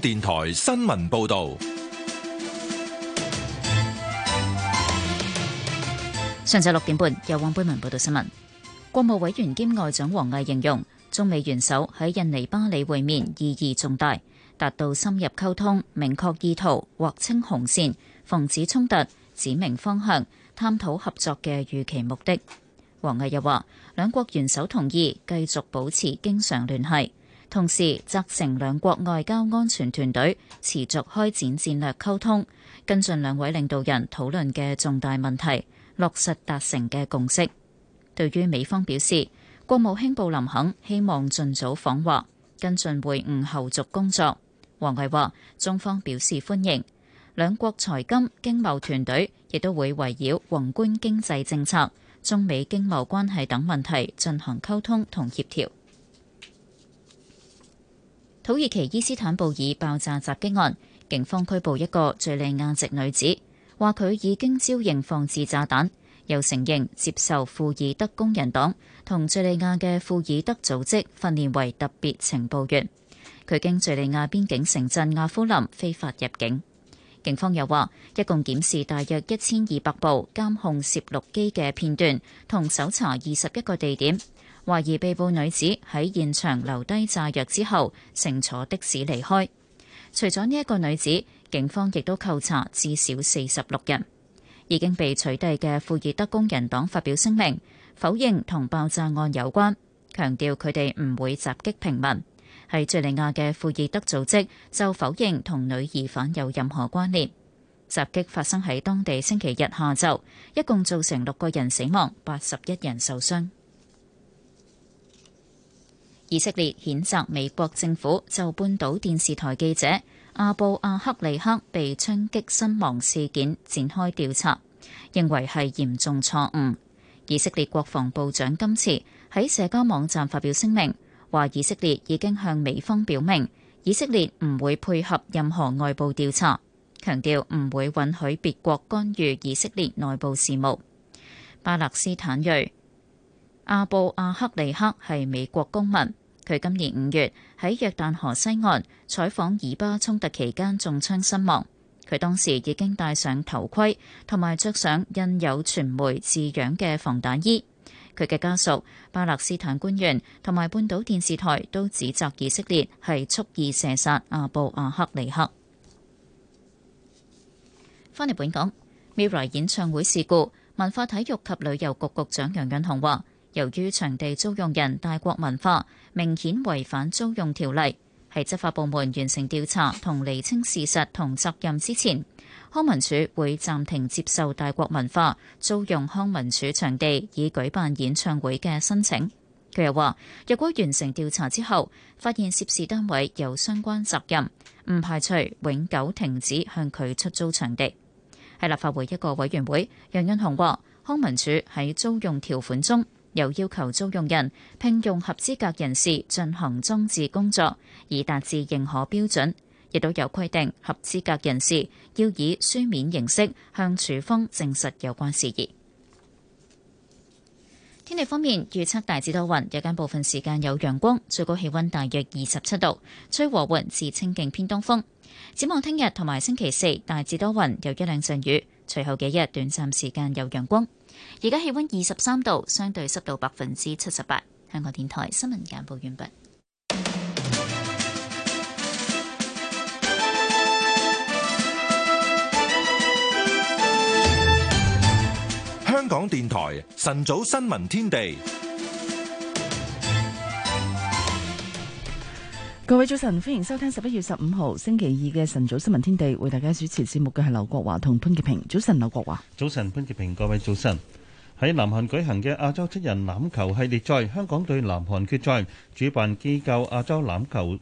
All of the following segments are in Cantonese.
電台新聞報道：上晝六點半，有黃貝文報道新聞。國務委員兼外長王毅形容，中美元首喺印尼巴里會面意義重大，達到深入溝通、明確意圖、劃清紅線、防止衝突、指明方向、探討合作嘅預期目的。王毅又話，兩國元首同意繼續保持經常聯繫。同時，責成兩國外交安全團隊持續開展戰略溝通，跟進兩位領導人討論嘅重大問題，落實達成嘅共識。對於美方表示，國務卿布林肯希望盡早訪華，跟進會晤後續工作。王毅話：中方表示歡迎，兩國財金經貿團隊亦都會圍繞宏觀經濟政策、中美經貿關係等問題進行溝通同協調。土耳其伊斯坦布爾爆炸襲擊案，警方拘捕一個敘利亞籍女子，話，佢已經招認放置炸彈，又承認接受庫爾德工人黨同敘利亞嘅庫爾德組織訓練為特別情報員，佢經敘利亞邊境城鎮阿夫林非法入境。警方又話一共檢視大約一千二百部監控攝錄機嘅片段，同搜查二十一個地點。懷疑被捕女子喺現場留低炸藥之後，乘坐的士離開。除咗呢一個女子，警方亦都扣查至少四十六人。已經被取締嘅庫爾德工人黨發表聲明，否認同爆炸案有關，強調佢哋唔會襲擊平民。喺敍利亞嘅庫爾德組織就否認同女疑犯有任何關聯。襲擊發生喺當地星期日下晝，一共造成六個人死亡，八十一人受傷。以色列譴責美國政府就半島電視台記者阿布阿克利克被槍擊身亡事件展開調查，認為係嚴重錯誤。以色列國防部長今次喺社交網站發表聲明，話以色列已經向美方表明，以色列唔會配合任何外部調查，強調唔會允許別國干預以色列內部事務。巴勒斯坦裔阿布阿克利克係美國公民。佢今年五月喺約旦河西岸採訪以巴衝突期間中槍身亡，佢當時已經戴上頭盔同埋着上印有傳媒字樣嘅防彈衣。佢嘅家屬、巴勒斯坦官員同埋半島電視台都指責以色列係蓄意射殺阿布阿克尼克。翻嚟本港，MIRROR 演唱會事故，文化體育及旅遊局局長楊潤雄話。由於場地租用人大國文化明顯違反租用條例，喺執法部門完成調查同釐清事實同責任之前，康文署會暫停接受大國文化租用康文署場地以舉辦演唱會嘅申請。佢又話：若果完成調查之後，發現涉事單位有相關責任，唔排除永久停止向佢出租場地。喺立法會一個委員會，楊潤雄話：康文署喺租用條款中，又要求租用人聘用合資格人士進行裝置工作，以達至認可標準，亦都有規定合資格人士要以書面形式向署方證實有關事宜。天氣方面預測大致多雲，日間部分時間有陽光，最高氣溫大約二十七度，吹和緩至清勁偏東風。展望聽日同埋星期四大致多雲，有一兩陣雨，隨後幾日短暫時間有陽光。而家氣溫二十三度，相對濕度百分之七十八。香港電台新聞簡報完畢。香港電台晨早新聞天地。各位早晨，歡迎收聽十一月十五號星期二嘅晨早新聞天地，為大家主持節目嘅係劉國華同潘潔平。早晨，劉國華。早晨，潘潔平。各位早晨。喺南韓舉行嘅亞洲七人欖球系列賽，香港對南韓決賽，主辦機構亞洲欖球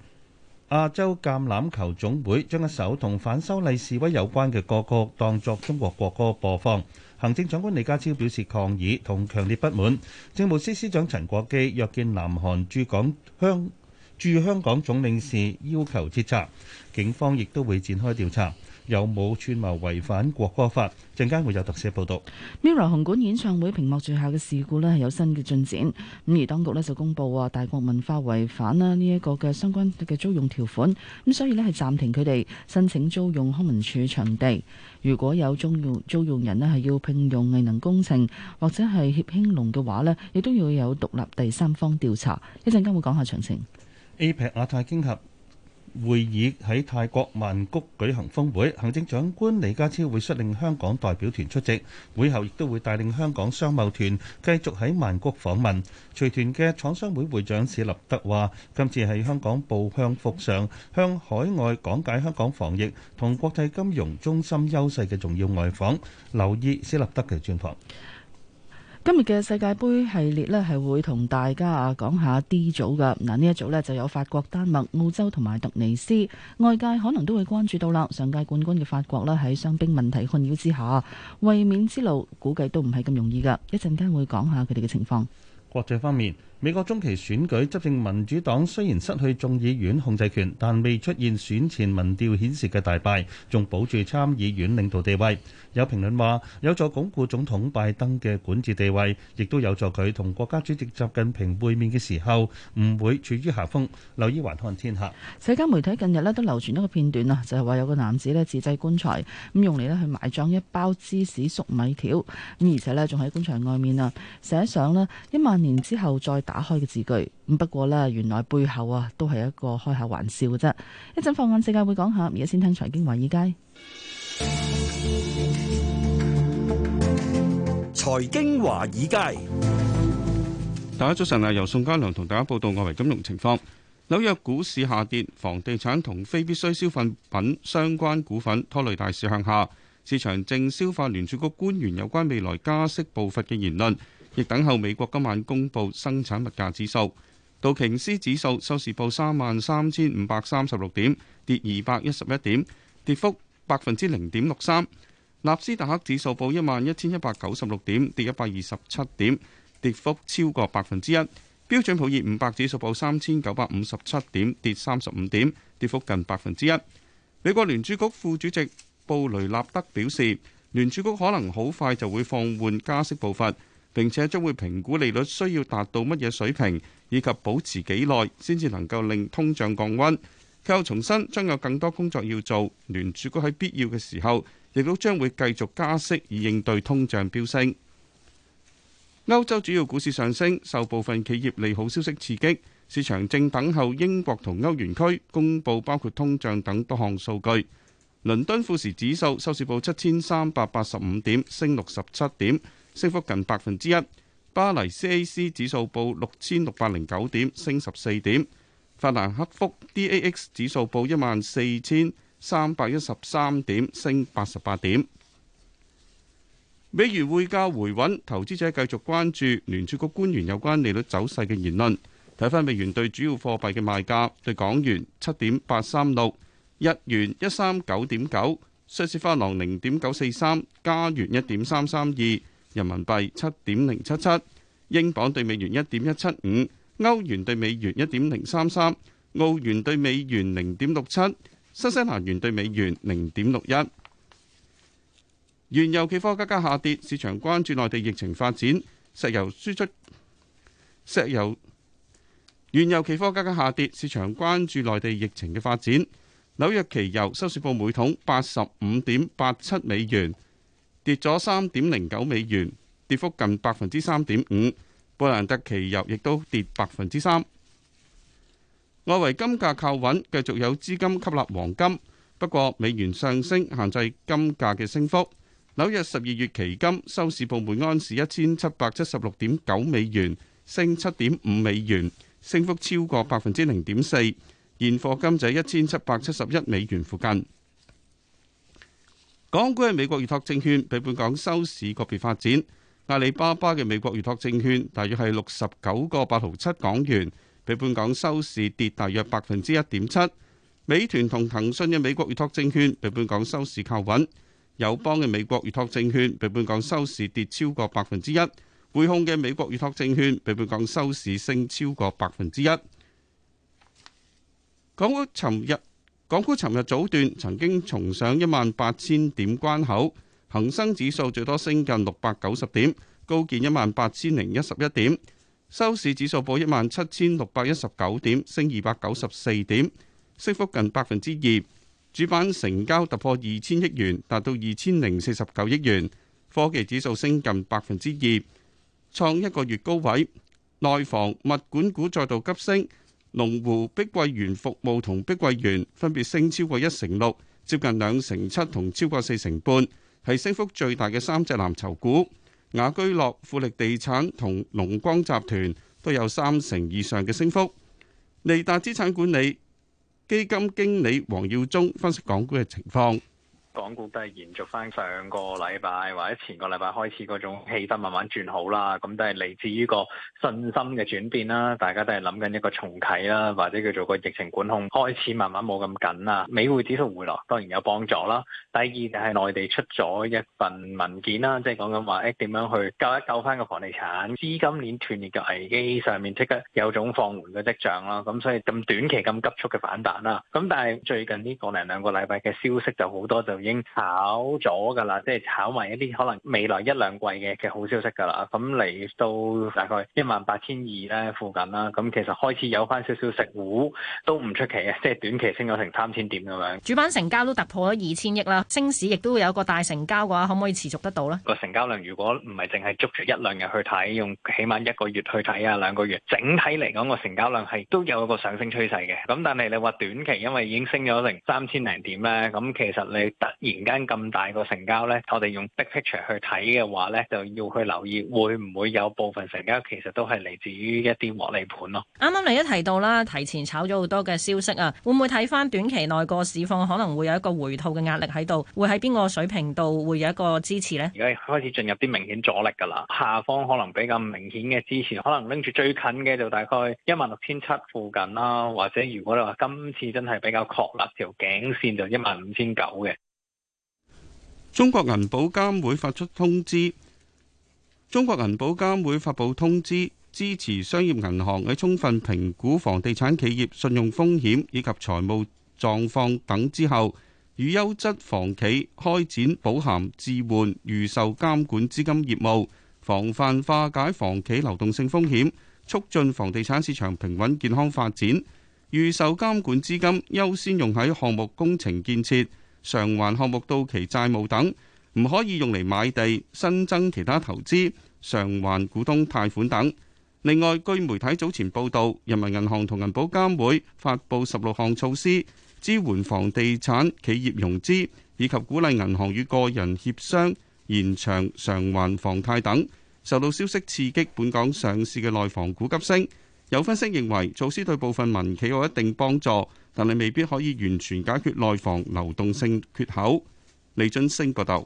亞洲橄欖球總會將一首同反修例示威有關嘅歌曲當作中國國歌播放。行政長官李家超表示抗議同強烈不滿。政務司司長陳國基約見南韓駐港香駐香港總領事要求徹查，警方亦都會展開調查，有冇串謀違反國歌法？陣間會有特寫報道。Mirror 紅館演唱會屏幕墜下嘅事故呢，係有新嘅進展。咁而當局呢就公佈啊大國文化違反啦呢一個嘅相關嘅租用條款，咁所以呢係暫停佢哋申請租用康文署場地。如果有租用租用人呢係要聘用藝能工程或者係協興隆嘅話呢，亦都要有獨立第三方調查。一陣間會講下詳情。APEC 亞太經合會議喺泰國曼谷舉行峰會，行政長官李家超會率領香港代表團出席，會後亦都會帶領香港商貿團繼續喺曼谷訪問。隨團嘅廠商會會長史立德話，今次係香港步向復常，向海外講解香港防疫同國際金融中心優勢嘅重要外訪。留意史立德嘅專訪。今日嘅世界杯系列呢，係會同大家啊講下 D 組噶。嗱，啊，呢一組呢，就有法國、丹麥、澳洲同埋突尼斯，外界可能都會關注到啦。上屆冠軍嘅法國呢，喺傷兵問題困擾之下，衛冕之路估計都唔係咁容易噶。一陣間會講下佢哋嘅情況。國際方面。美國中期選舉，執政民主黨雖然失去眾議院控制權，但未出現選前民調顯示嘅大敗，仲保住參議院領導地位。有評論話有助鞏固總統拜登嘅管治地位，亦都有助佢同國家主席習近平會面嘅時候唔會處於下風。留意環看天下。社交媒體近日咧都流傳一個片段啊，就係、是、話有個男子咧自製棺材咁用嚟咧去埋葬一包芝士粟米條，咁而且咧仲喺棺材外面啊寫上咧一萬年之後再打開嘅字句，不過咧，原來背後啊，都係一個開下玩笑嘅啫。一陣放眼世界會講下，而家先聽財經華爾街。財經華爾街，大家早晨啊！由宋家良同大家報道外圍金融情況。紐約股市下跌，房地產同非必需消費品相關股份拖累大市向下。市場正消化聯儲局官員有關未來加息步伐嘅言論。.亦等候美國今晚公布生產物價指數。道瓊斯指數收市報三萬三千五百三十六點，跌二百一十一點，跌幅百分之零點六三。納斯達克指數報一萬一千一百九十六點，跌一百二十七點，跌幅超過百分之一。標準普爾五百指數報三千九百五十七點，跌三十五點，跌幅近百分之一。美國聯儲局副主席布雷納德表示，聯儲局可能好快就會放緩加息步伐。並且將會評估利率需要達到乜嘢水平，以及保持幾耐先至能夠令通脹降溫。佢又重申將有更多工作要做，聯儲局喺必要嘅時候，亦都將會繼續加息以應對通脹飆升。歐洲主要股市上升，受部分企業利好消息刺激，市場正等候英國同歐元區公布包括通脹等多項數據。倫敦富時指數收市報七千三百八十五點，升六十七點。升幅近百分之一。巴黎 CAC 指數報六千六百零九點，升十四點。法蘭克福 DAX 指數報一萬四千三百一十三點，升八十八點。美元匯價回穩，投資者繼續關注聯儲局官員有關利率走勢嘅言論。睇返美元對主要貨幣嘅賣價，對港元七點八三六，日元一三九點九，瑞士法郎零點九四三，加元一點三三二。人民幣七點零七七，英鎊兌美元一點一七五，歐元兌美元一點零三三，澳元兌美元零點六七，新西蘭元兌美元零點六一。原油期貨價格下跌，市場關注內地疫情發展。石油輸出，石油，原油期貨價格下跌，市場關注內地疫情嘅發展。紐約期油收市報每桶八十五點八七美元。跌咗三點零九美元，跌幅近百分之三點五。布蘭特期油亦都跌百分之三。外圍金價靠穩，繼續有資金吸納黃金，不過美元上升限制金價嘅升幅。紐約十二月期金收市報每安士一千七百七十六點九美元，升七點五美元，升幅超過百分之零點四。現貨金在一千七百七十一美元附近。港股嘅美國預託證券，被本港收市個別發展。阿里巴巴嘅美國預託證券大約係六十九個八毫七港元，被本港收市跌大約百分之一點七。美團同騰訊嘅美國預託證券，被本港收市靠穩。友邦嘅美國預託證券，被本港收市跌超過百分之一。匯控嘅美國預託證券，被本港收市升超過百分之一。港股尋日。港股尋日早段曾經重上一萬八千點關口，恒生指數最多升近六百九十點，高見一萬八千零一十一點，收市指數報一萬七千六百一十九點，升二百九十四點，升幅近百分之二。主板成交突破二千億元，達到二千零四十九億元。科技指數升近百分之二，創一個月高位。內房物管股再度急升。龍湖碧桂園服務同碧桂園分別升超過一成六、接近兩成七同超過四成半，係升幅最大嘅三隻藍籌股。雅居樂、富力地產同龍光集團都有三成以上嘅升幅。利達資產管理基金經理黃耀宗分析港股嘅情況。港股都係延續翻上個禮拜或者前個禮拜開始嗰種氣氛慢慢轉好啦，咁、嗯、都係嚟自於個信心嘅轉變啦。大家都係諗緊一個重啟啦，或者叫做個疫情管控開始慢慢冇咁緊啦。美匯指數回落當然有幫助啦。第二就係內地出咗一份文件啦，即係講緊話誒點樣去救一救翻個房地產資金鏈斷裂嘅危機上面，即刻有種放緩嘅跡象啦。咁、嗯、所以咁短期咁急速嘅反彈啦。咁、嗯、但係最近呢個零兩個禮拜嘅消息就好多就。已經炒咗㗎啦，即係炒埋一啲可能未來一兩季嘅嘅好消息㗎啦，咁嚟到大概一萬八千二咧附近啦，咁其實開始有翻少少食糊都唔出奇嘅，即係短期升咗成三千點咁樣。主板成交都突破咗二千億啦，升市亦都會有個大成交嘅話，可唔可以持續得到咧？個成交量如果唔係淨係捉住一兩日去睇，用起碼一個月去睇啊，兩個月，整體嚟講，個成交量係都有一個上升趨勢嘅。咁但係你話短期因為已經升咗成三千零點咧，咁其實你突。突然間咁大個成交咧，我哋用 big picture 去睇嘅話咧，就要去留意會唔會有部分成交其實都係嚟自於一啲獲利盤咯。啱啱你一提到啦，提前炒咗好多嘅消息啊，會唔會睇翻短期內個市況可能會有一個回吐嘅壓力喺度？會喺邊個水平度會有一個支持咧？而家開始進入啲明顯阻力㗎啦，下方可能比較明顯嘅支持，可能拎住最近嘅就大概一萬六千七附近啦，或者如果你話今次真係比較確立條頸線就一萬五千九嘅。中國銀保監會發出通知，中國銀保監會發布通知，支持商業銀行喺充分評估房地產企業信用風險以及財務狀況等之後，與優質房企開展保函置換預售監管資金業務，防範化解房企流動性風險，促進房地產市場平穩健康發展。預售監管資金優先用喺項目工程建設償還項目到期債務等，唔可以用嚟買地、新增其他投資、償還股東貸款等。另外，據媒體早前報道，人民銀行同銀保監會發布十六項措施，支援房地產企業融資，以及鼓勵銀行與個人協商延長償還房貸等。受到消息刺激，本港上市嘅內房股急升。有分析認為，措施對部分民企有一定幫助。但你未必可以完全解決內房流動性缺口。李俊升報道，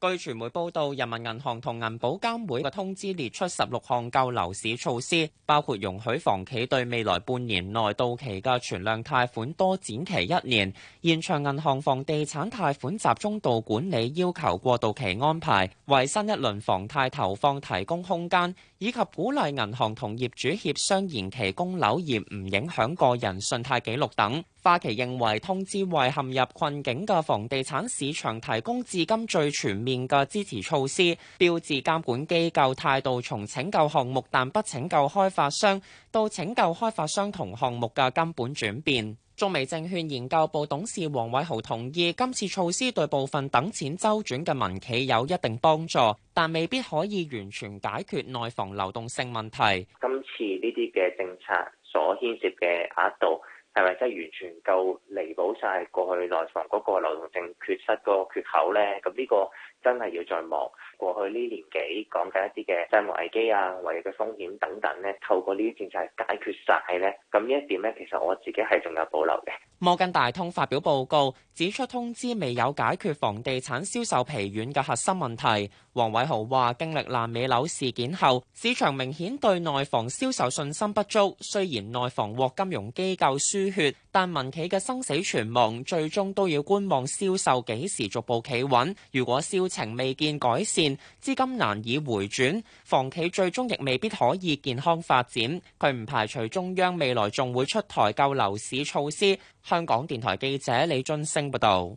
據傳媒報道，人民銀行同銀保監會嘅通知列出十六項救樓市措施，包括容許房企對未來半年內到期嘅存量貸款多展期一年，延長銀行房地產貸款集中度管理要求過渡期安排，為新一輪房貸投放提供空間。以及鼓勵銀行同業主協商延期供樓而唔影響個人信貸紀錄等。花旗認為，通知為陷入困境嘅房地產市場提供至今最全面嘅支持措施，標誌監管機構態度從拯救項目但不拯救開發商到拯救開發商同項目嘅根本轉變。中美證券研究部董事王偉豪同意今次措施對部分等錢周轉嘅民企有一定幫助，但未必可以完全解決內房流動性問題。今次呢啲嘅政策所牽涉嘅額度係咪真係完全夠彌補晒過去內房嗰個流動性缺失個缺口咧？咁呢個真係要再望過去呢年幾，講緊一啲嘅債務危機啊，或者嘅風險等等咧，透過呢啲政策解決晒咧。咁呢一點咧，其實我自己係仲有保留嘅。摩根大通發表報告指出，通知未有解決房地產銷售疲軟嘅核心問題。黃偉豪話，經歷爛尾樓事件後，市場明顯對內房銷售信心不足。雖然內房獲金融機構輸血，但民企嘅生死存亡，最終都要觀望銷售幾時逐步企穩。如果銷情未見改善，資金難以回轉，房企最終亦未必可以健康發展。佢唔排除中央未來仲會出台救樓市措施。香港電台記者李津升報道。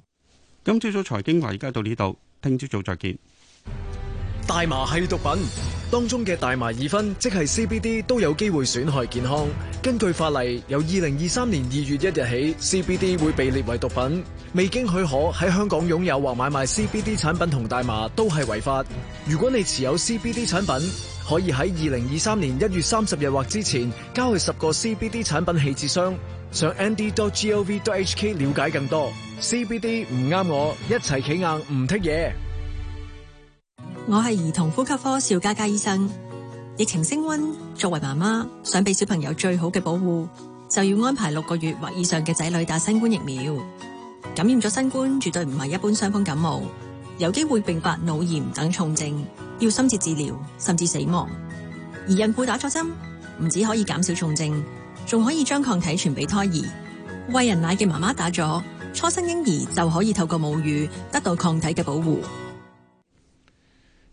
今朝早財經話，而家到呢度，聽朝早再見。大麻係毒品，當中嘅大麻二酚即係 CBD 都有機會損害健康。根據法例，由二零二三年二月一日起，CBD 會被列為毒品。未經許可，喺香港擁有或買賣 CBD 產品同大麻都係違法。如果你持有 CBD 產品，可以喺二零二三年一月三十日或之前交去十個 CBD 產品棄置箱。上 nd.gov.hk 了解更多。CBD 唔啱我，一齊企硬唔剔嘢。我係兒童呼吸科邵嘉嘉醫生。疫情升温，作為媽媽，想俾小朋友最好嘅保護，就要安排六個月或以上嘅仔女打新冠疫苗。感染咗新冠絕對唔係一般傷風感冒，有機會併發腦炎等重症，要深切治療，甚至死亡。而孕婦打咗針，唔止可以減少重症，仲可以將抗體傳俾胎兒。喂人奶嘅媽媽打咗，初生嬰兒就可以透過母乳得到抗體嘅保護。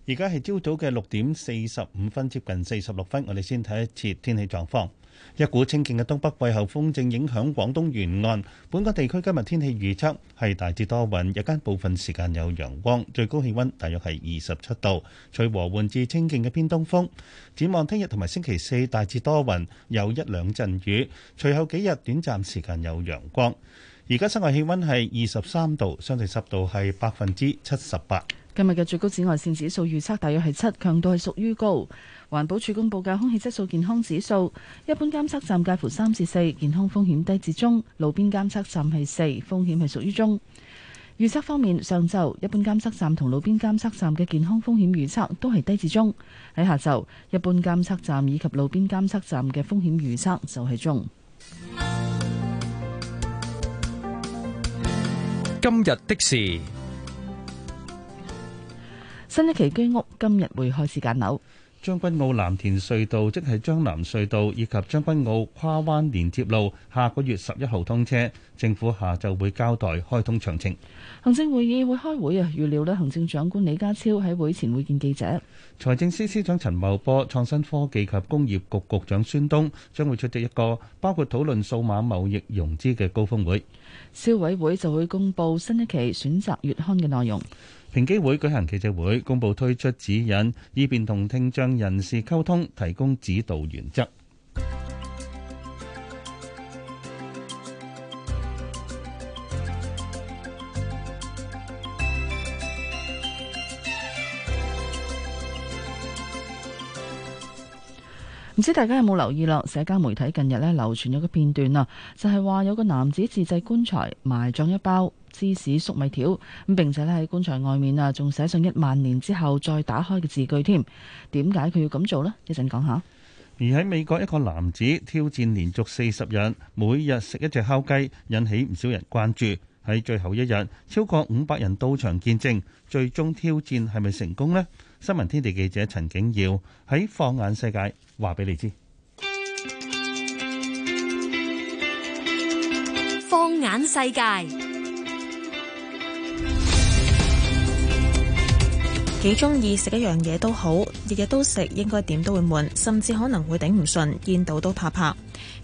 而家係朝早嘅六點四十五分，接近四十六分，我哋先睇一次天氣狀況。一股清勁嘅東北季候風正影響廣東沿岸。本港地區今日天，天氣預測係大致多雲，日間部分時間有陽光，最高氣温大約係二十七度，隨和緩至清勁嘅偏東風。展望聽日同埋星期四，大致多雲，有一兩陣雨，隨後幾日短暫時間有陽光。而家室外氣温係二十三度，相對濕度係百分之七十八。今日嘅最高紫外線指數預測大約係七，強度係屬於高。環保署公布嘅空氣質素健康指數，一般監測站介乎三至四，健康風險低至中；路邊監測站係四，風險係屬於中。預測方面，上晝一般監測站同路邊監測站嘅健康風險預測都係低至中。喺下晝，一般監測站以及路邊監測站嘅風險預測就係中。今日的事。新一期居屋今日會開始揀樓。將軍澳藍田隧道即係將藍隧道以及將軍澳跨灣連接路下個月十一號通車，政府下晝會交代開通詳情。行政會議會開會啊，預料咧行政長官李家超喺會前會見記者。財政司司長陳茂波、創新科技及工業局局長孫東將會出席一個包括討論數碼貿易融資嘅高峰會。消委會就會公布新一期選擇月刊嘅內容。平機會舉行記者會，公佈推出指引，以便同聽障人士溝通，提供指導原則。唔知大家有冇留意啦？社交媒體近日咧流傳咗個片段啊，就係話有個男子自製棺材埋葬一包芝士粟米條，咁並且咧喺棺材外面啊，仲寫上一萬年之後再打開嘅字句添。點解佢要咁做呢？一陣講下。而喺美國，一個男子挑戰連續四十日每日食一隻烤雞，引起唔少人關注。喺最後一日，超過五百人到場見證，最終挑戰係咪成功呢？新聞天地記者陳景耀喺放眼世界，話俾你知。放眼世界，幾中意食一樣嘢都好，日日都食，應該點都會悶，甚至可能會頂唔順，見到都怕怕。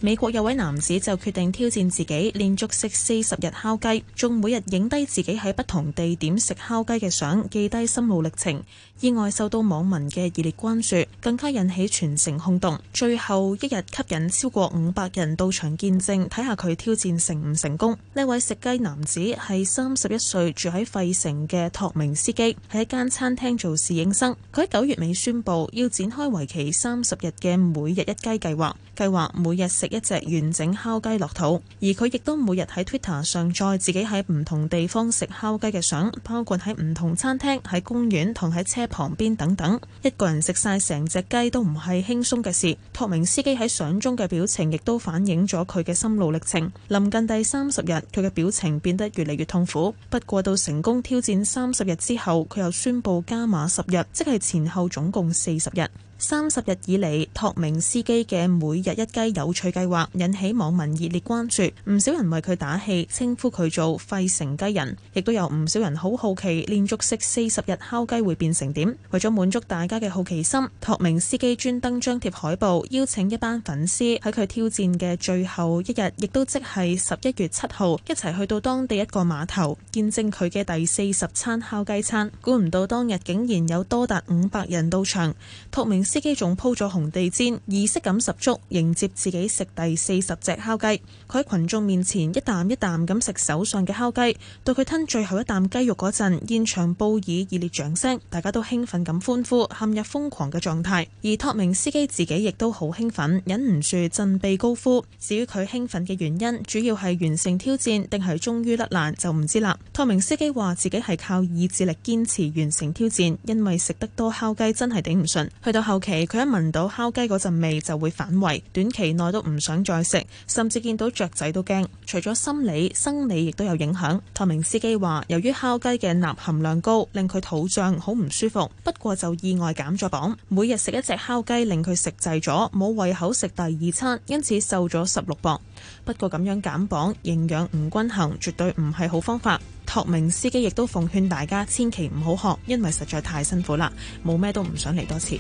美國有位男子就決定挑戰自己，連續食四十日烤雞，仲每日影低自己喺不同地點食烤雞嘅相，記低心路歷程。意外受到網民嘅熱烈關注，更加引起全城轟動，最後一日吸引超過五百人到場見證，睇下佢挑戰成唔成功。呢位食雞男子係三十一歲住喺費城嘅托明斯基，喺一間餐廳做侍應生。佢喺九月尾宣布要展開為期三十日嘅每日一雞計劃。計劃每日食一隻完整烤雞落肚，而佢亦都每日喺 Twitter 上載自己喺唔同地方食烤雞嘅相，包括喺唔同餐廳、喺公園同喺車旁邊等等。一個人食晒成隻雞都唔係輕鬆嘅事，托明司機喺相中嘅表情亦都反映咗佢嘅心路歷程。臨近第三十日，佢嘅表情變得越嚟越痛苦。不過到成功挑戰三十日之後，佢又宣布加碼十日，即係前後總共四十日。三十日以嚟，托明斯基嘅每日一雞有趣計劃引起網民熱烈關注，唔少人為佢打氣，稱呼佢做廢城雞人，亦都有唔少人好好奇，連續食四十日烤雞會變成點。為咗滿足大家嘅好奇心，托明斯基專登張貼海報，邀請一班粉絲喺佢挑戰嘅最後一日，亦都即係十一月七號，一齊去到當地一個碼頭，見證佢嘅第四十餐烤雞餐。估唔到當日竟然有多達五百人到場，托明。司機仲鋪咗紅地氈，儀式感十足，迎接自己食第四十隻烤雞。佢喺群眾面前一啖一啖咁食手上嘅烤雞，到佢吞最後一啖雞肉嗰陣，現場報以熱烈掌聲，大家都興奮咁歡呼，陷入瘋狂嘅狀態。而托明司機自己亦都好興奮，忍唔住振臂高呼。至於佢興奮嘅原因，主要係完成挑戰定係終於甩難就唔知啦。托明司機話自己係靠意志力堅持完成挑戰，因為食得多烤雞真係頂唔順，去到後。尤其佢一聞到烤雞嗰陣味就會反胃，短期內都唔想再食，甚至見到雀仔都驚。除咗心理生理，亦都有影響。透明司機話，由於烤雞嘅鈉含量高，令佢肚脹好唔舒服。不過就意外減咗磅，每日食一隻烤雞令佢食滯咗，冇胃口食第二餐，因此瘦咗十六磅。不過咁樣減磅，營養唔均衡，絕對唔係好方法。託明司機亦都奉勸大家千祈唔好學，因為實在太辛苦啦，冇咩都唔想嚟多次。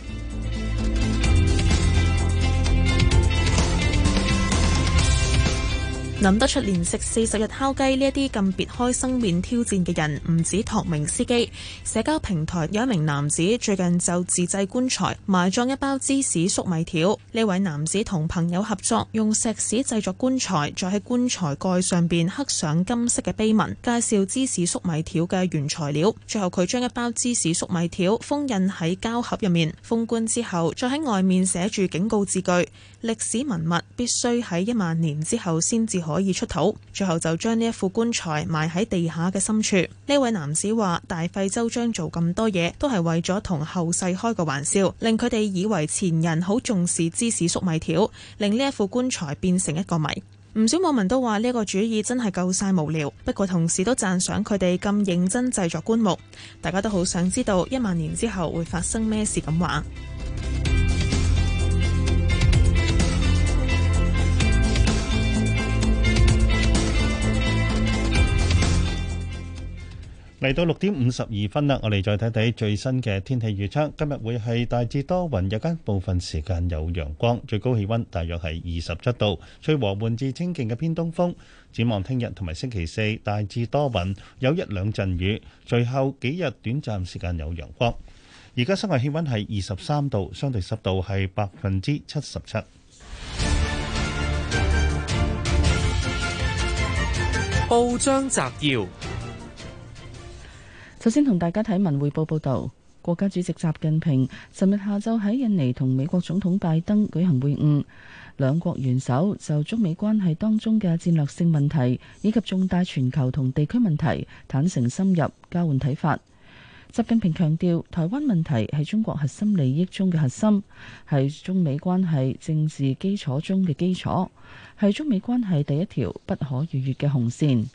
諗得出連食四十日烤雞呢一啲咁別開生面挑戰嘅人，唔止托唐明司機。社交平台有一名男子最近就自製棺材埋葬一包芝士粟米條。呢位男子同朋友合作，用石屎製作棺材，再喺棺材蓋上邊刻上金色嘅碑文，介紹芝士粟米條嘅原材料。最後佢將一包芝士粟米條封印喺膠盒入面，封棺之後再喺外面寫住警告字句。歷史文物必須喺一萬年之後先至可以出土，最後就將呢一副棺材埋喺地下嘅深處。呢位男子話：大費周章做咁多嘢，都係為咗同後世開個玩笑，令佢哋以為前人好重視芝士粟米條，令呢一副棺材變成一個謎。唔少網民都話呢一個主意真係夠晒無聊，不過同時都讚賞佢哋咁認真製作棺木。大家都好想知道一萬年之後會發生咩事咁話。嚟到六點五十二分啦，我哋再睇睇最新嘅天氣預測。今日會係大致多雲，日間部分時間有陽光，最高氣温大約係二十七度，吹和緩至清勁嘅偏東風。展望聽日同埋星期四，大致多雲，有一兩陣雨，最後幾日短暫時間有陽光。而家室外氣温係二十三度，相對濕度係百分之七十七。報章摘要。首先同大家睇文匯報報道，國家主席習近平尋日下晝喺印尼同美國總統拜登舉行會晤，兩國元首就中美關係當中嘅戰略性問題以及重大全球同地區問題坦誠深入交換睇法。習近平強調，台灣問題係中國核心利益中嘅核心，係中美關係政治基礎中嘅基礎，係中美關係第一條不可逾越嘅紅線。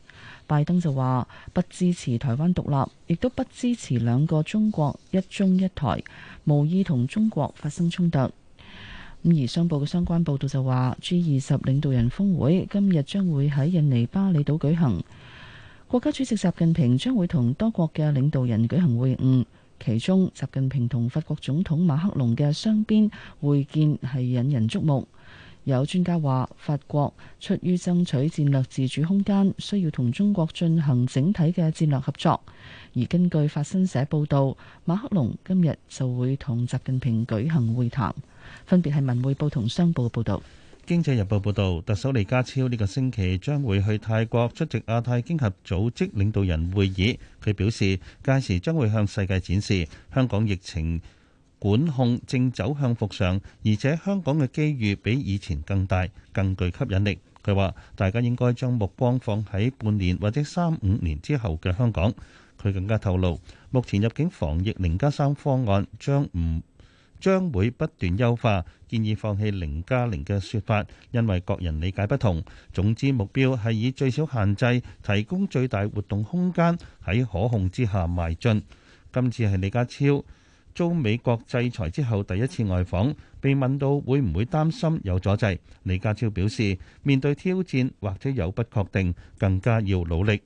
拜登就話不支持台灣獨立，亦都不支持兩個中國一中一台，無意同中國發生衝突。咁而商報嘅相關報導就話，G 二十領導人峰會今日將會喺印尼巴厘島舉行，國家主席習近平將會同多國嘅領導人舉行會晤，其中習近平同法國總統馬克龍嘅雙邊會見係引人矚目。有專家話，法國出於爭取戰略自主空間，需要同中國進行整體嘅戰略合作。而根據法新社報導，馬克龍今日就會同習近平舉行會談。分別係文匯報同商報嘅報導。經濟日報報道，特首李家超呢個星期將會去泰國出席亞太經合組織領導人會議。佢表示，屆時將會向世界展示香港疫情。管控正走向復常，而且香港嘅機遇比以前更大、更具吸引力。佢話大家應該將目光放喺半年或者三五年之後嘅香港。佢更加透露，目前入境防疫零加三方案將唔將會不斷優化，建議放棄零加零嘅說法，因為各人理解不同。總之目標係以最少限制提供最大活動空間喺可控之下邁進，今次係李家超遭美國制裁之後，第一次外訪，被問到會唔會擔心有阻滯，李家超表示面對挑戰或者有不確定，更加要努力。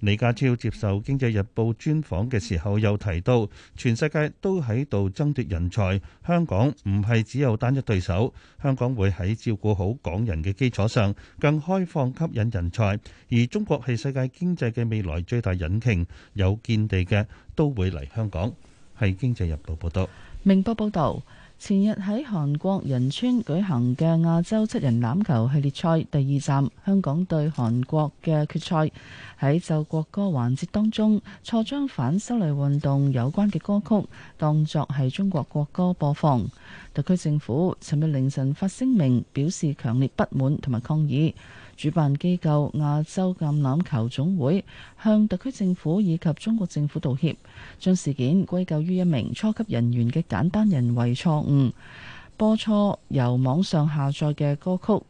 李家超接受《經濟日報》專訪嘅時候又提到，全世界都喺度爭奪人才，香港唔係只有單一對手，香港會喺照顧好港人嘅基礎上，更開放吸引人才。而中國係世界經濟嘅未來最大引擎，有見地嘅都會嚟香港。係《經濟日報》報道，明報報道，前日喺韓國仁川舉行嘅亞洲七人欖球系列賽第二站，香港對韓國嘅決賽。喺就國歌環節當中，錯將反修例運動有關嘅歌曲當作係中國國歌播放。特區政府尋日凌晨發聲明，表示強烈不滿同埋抗議。主辦機構亞洲橄欖球總會向特區政府以及中國政府道歉，將事件歸咎於一名初級人員嘅簡單人為錯誤播出由網上下載嘅歌曲。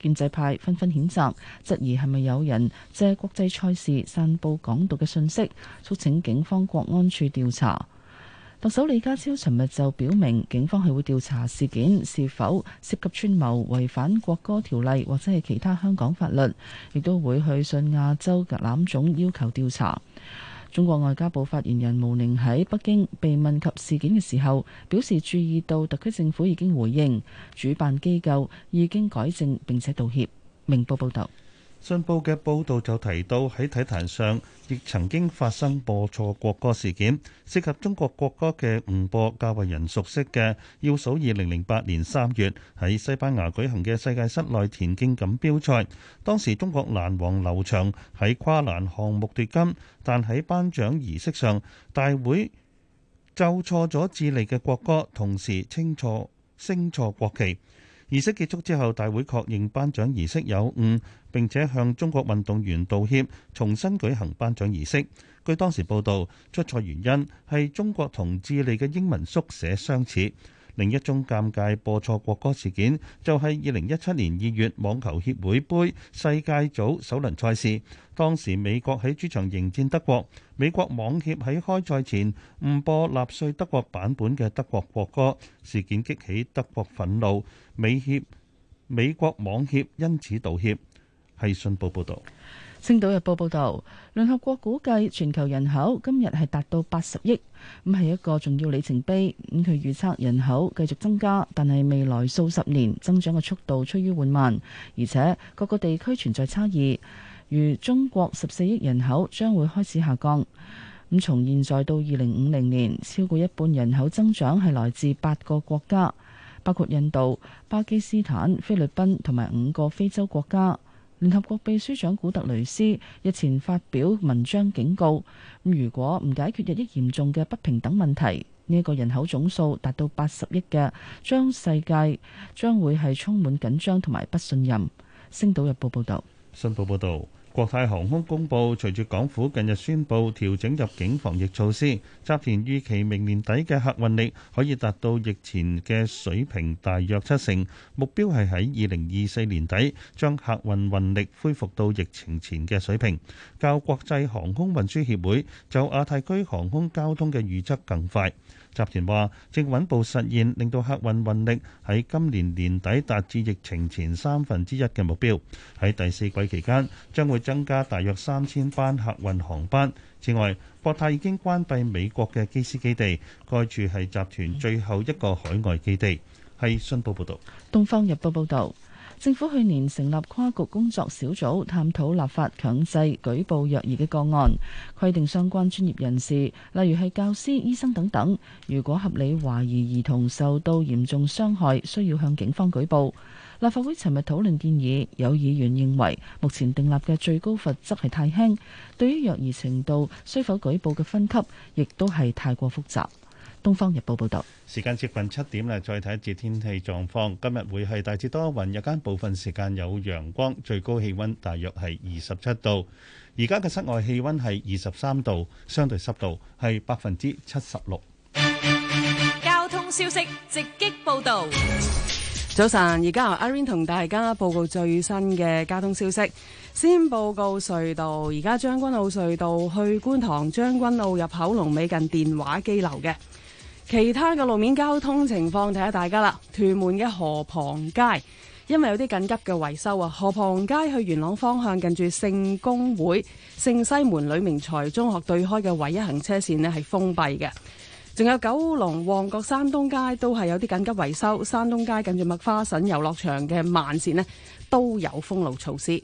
建制派紛紛譴責，質疑係咪有人借國際賽事散布港獨嘅信息，促請警方國安處調查。特首李家超尋日就表明，警方係會調查事件是否涉及串謀違反國歌條例或者係其他香港法律，亦都會去信亞洲籃總要求調查。中國外交部發言人毛寧喺北京被問及事件嘅時候，表示注意到特區政府已經回應，主辦機構已經改正並且道歉。明報報道。信報嘅報導就提到，喺體壇上亦曾經發生播錯國歌事件，涉及中國國歌嘅誤播，較為人熟悉嘅要數二零零八年三月喺西班牙舉行嘅世界室內田徑錦標賽。當時中國欄王劉翔喺跨欄項目奪金，但喺頒獎儀式上，大會奏錯咗智利嘅國歌，同時稱錯升錯國旗。儀式結束之後，大會確認頒獎儀式有誤。並且向中國運動員道歉，重新舉行頒獎儀式。據當時報導，出錯原因係中國同智利嘅英文縮寫相似。另一宗尷尬播錯國歌事件，就係二零一七年二月網球協會杯世界組首輪賽事。當時美國喺主場迎戰德國，美國網協喺開賽前誤播納粹德國版本嘅德國國歌，事件激起德國憤怒，美協美國網協因此道歉。係信報報道，《星島日報》報道，聯合國估計全球人口今日係達到八十億，咁係一個重要里程碑。咁佢預測人口繼續增加，但係未來數十年增長嘅速度趨於緩慢，而且各個地區存在差異。如中國十四億人口將會開始下降。咁、嗯、從現在到二零五零年，超過一半人口增長係來自八個國家，包括印度、巴基斯坦、菲律賓同埋五個非洲國家。聯合國秘書長古特雷斯日前發表文章警告：如果唔解決日益嚴重嘅不平等問題，呢一個人口總數達到八十億嘅，將世界將會係充滿緊張同埋不信任。《星島日報》報道，《新報》報道。國泰航空公布，隨住港府近日宣布調整入境防疫措施，集團預期明年底嘅客運力可以達到疫前嘅水平，大約七成。目標係喺二零二四年底將客運運力恢復到疫情前嘅水平。較國際航空運輸協會就亞太區航空交通嘅預測更快。集團話正穩步實現，令到客運運力喺今年年底達至疫情前三分之一嘅目標。喺第四季期間，將會增加大約三千班客運航班。此外，國泰已經關閉美國嘅機師基地，該處係集團最後一個海外基地。係信報,報報導，《東方日報》報導。政府去年成立跨局工作小組，探討立法強制舉報虐兒嘅個案，規定相關專業人士，例如係教師、醫生等等，如果合理懷疑兒童受到嚴重傷害，需要向警方舉報。立法會尋日討論建議，有議員認為目前訂立嘅最高罰則係太輕，對於虐兒程度需否舉報嘅分級，亦都係太過複雜。《東方日報》報道，時間接近七點咧，再睇一節天氣狀況。今日會係大致多雲，日間部分時間有陽光，最高氣溫大約係二十七度。而家嘅室外氣溫係二十三度，相對濕度係百分之七十六。交通消息直擊報道，早晨，而家阿 Irene 同大家報告最新嘅交通消息。先報告隧道，而家將軍澳隧道去觀塘將軍澳入口龍尾近電話機樓嘅。其他嘅路面交通情況睇下大家啦。屯門嘅河旁街，因為有啲緊急嘅維修啊，河旁街去元朗方向近住聖公會聖西門呂明才中學對開嘅唯一行車線呢係封閉嘅。仲有九龍旺角山東街都係有啲緊急維修，山東街近住麥花臣遊樂場嘅慢綫呢都有封路措施。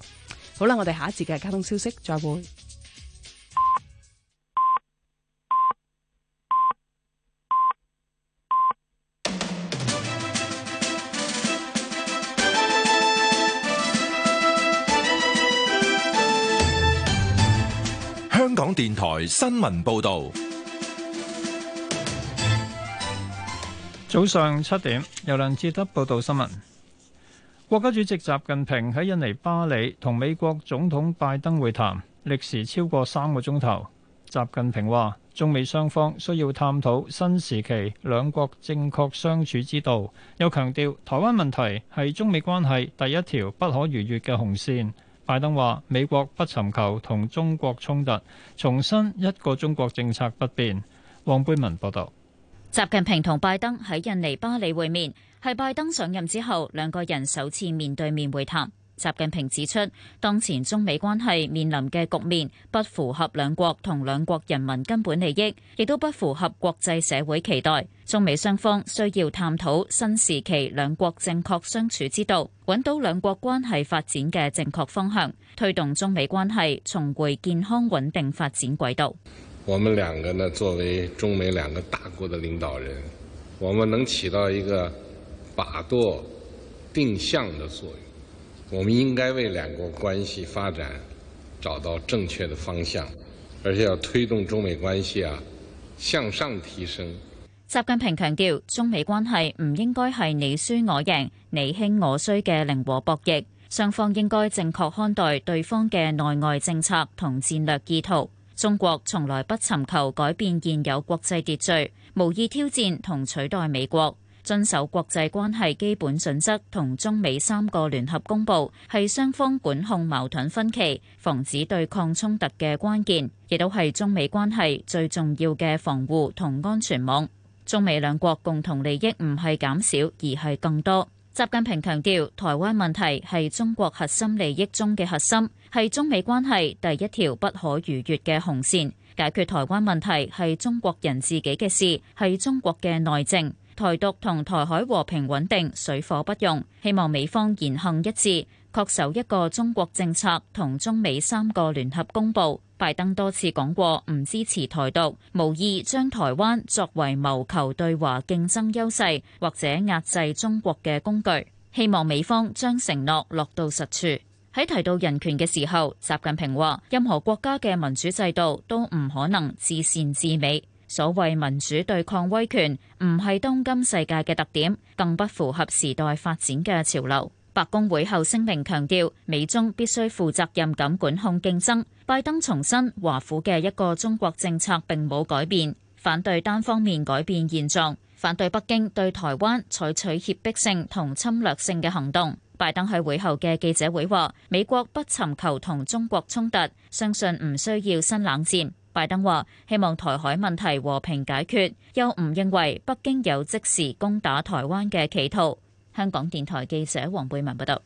好啦，我哋下一節嘅交通消息再會。香港電台新聞報道，早上七點，由梁志德報道新聞。國家主席習近平喺印尼巴厘同美國總統拜登會談，歷時超過三個鐘頭。習近平話，中美雙方需要探討新時期兩國正確相處之道，又強調台灣問題係中美關係第一條不可逾越嘅紅線。拜登話：美國不尋求同中國衝突，重申一個中國政策不變。黃貝文報道：「習近平同拜登喺印尼巴里會面，係拜登上任之後兩個人首次面對面會談。習近平指出，當前中美關係面臨嘅局面，不符合兩國同兩國人民根本利益，亦都不符合國際社會期待。中美雙方需要探討新時期兩國正確相處之道，揾到兩國關係發展嘅正確方向，推動中美關係重回健康穩定發展軌道。我們兩個呢，作為中美兩個大國的領導人，我們能起到一個把舵定向的作用。我們應該為兩國關係發展找到正確的方向，而且要推動中美關係啊向上提升。習近平強調，中美關係唔應該係你輸我贏、你興我衰嘅零和博弈，雙方應該正確看待對方嘅內外政策同戰略意圖。中國從來不尋求改變現有國際秩序，無意挑戰同取代美國。遵守國際關係基本準則同中美三個聯合公報係雙方管控矛盾分歧、防止對抗衝突嘅關鍵，亦都係中美關係最重要嘅防護同安全網。中美兩國共同利益唔係減少，而係更多。習近平強調，台灣問題係中國核心利益中嘅核心，係中美關係第一條不可逾越嘅紅線。解決台灣問題係中國人自己嘅事，係中國嘅內政。台獨同台海和平穩定水火不容，希望美方言行一致，恪守一個中國政策同中美三個聯合公報。拜登多次講過唔支持台獨，無意將台灣作為謀求對華競爭優勢或者壓制中國嘅工具，希望美方將承諾落到實處。喺提到人權嘅時候，習近平話：任何國家嘅民主制度都唔可能至善至美。所謂民主對抗威權，唔係當今世界嘅特點，更不符合時代發展嘅潮流。白宮會後聲明強調，美中必須負責任咁管控競爭。拜登重申華府嘅一個中國政策並冇改變，反對單方面改變現狀，反對北京對台灣採取脅迫性同侵略性嘅行動。拜登喺會後嘅記者會話：美國不尋求同中國衝突，相信唔需要新冷戰。拜登話：希望台海問題和平解決，又唔認為北京有即時攻打台灣嘅企圖。香港電台記者黃貝文報道。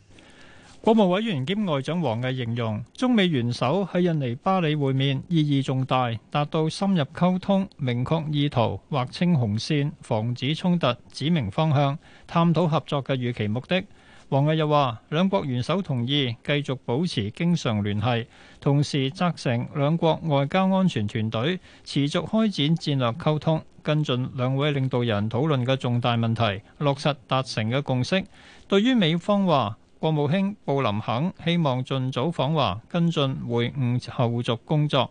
國務委員兼外長王毅形容，中美元首喺印尼巴里會面意義重大，達到深入溝通、明確意圖、劃清紅線、防止衝突、指明方向、探討合作嘅預期目的。王毅又話，兩國元首同意繼續保持經常聯繫，同時責成兩國外交安全團隊持續開展戰略溝通，跟進兩位領導人討論嘅重大問題，落實達成嘅共識。對於美方話，國務卿布林肯希望盡早訪華，跟進會晤後續工作。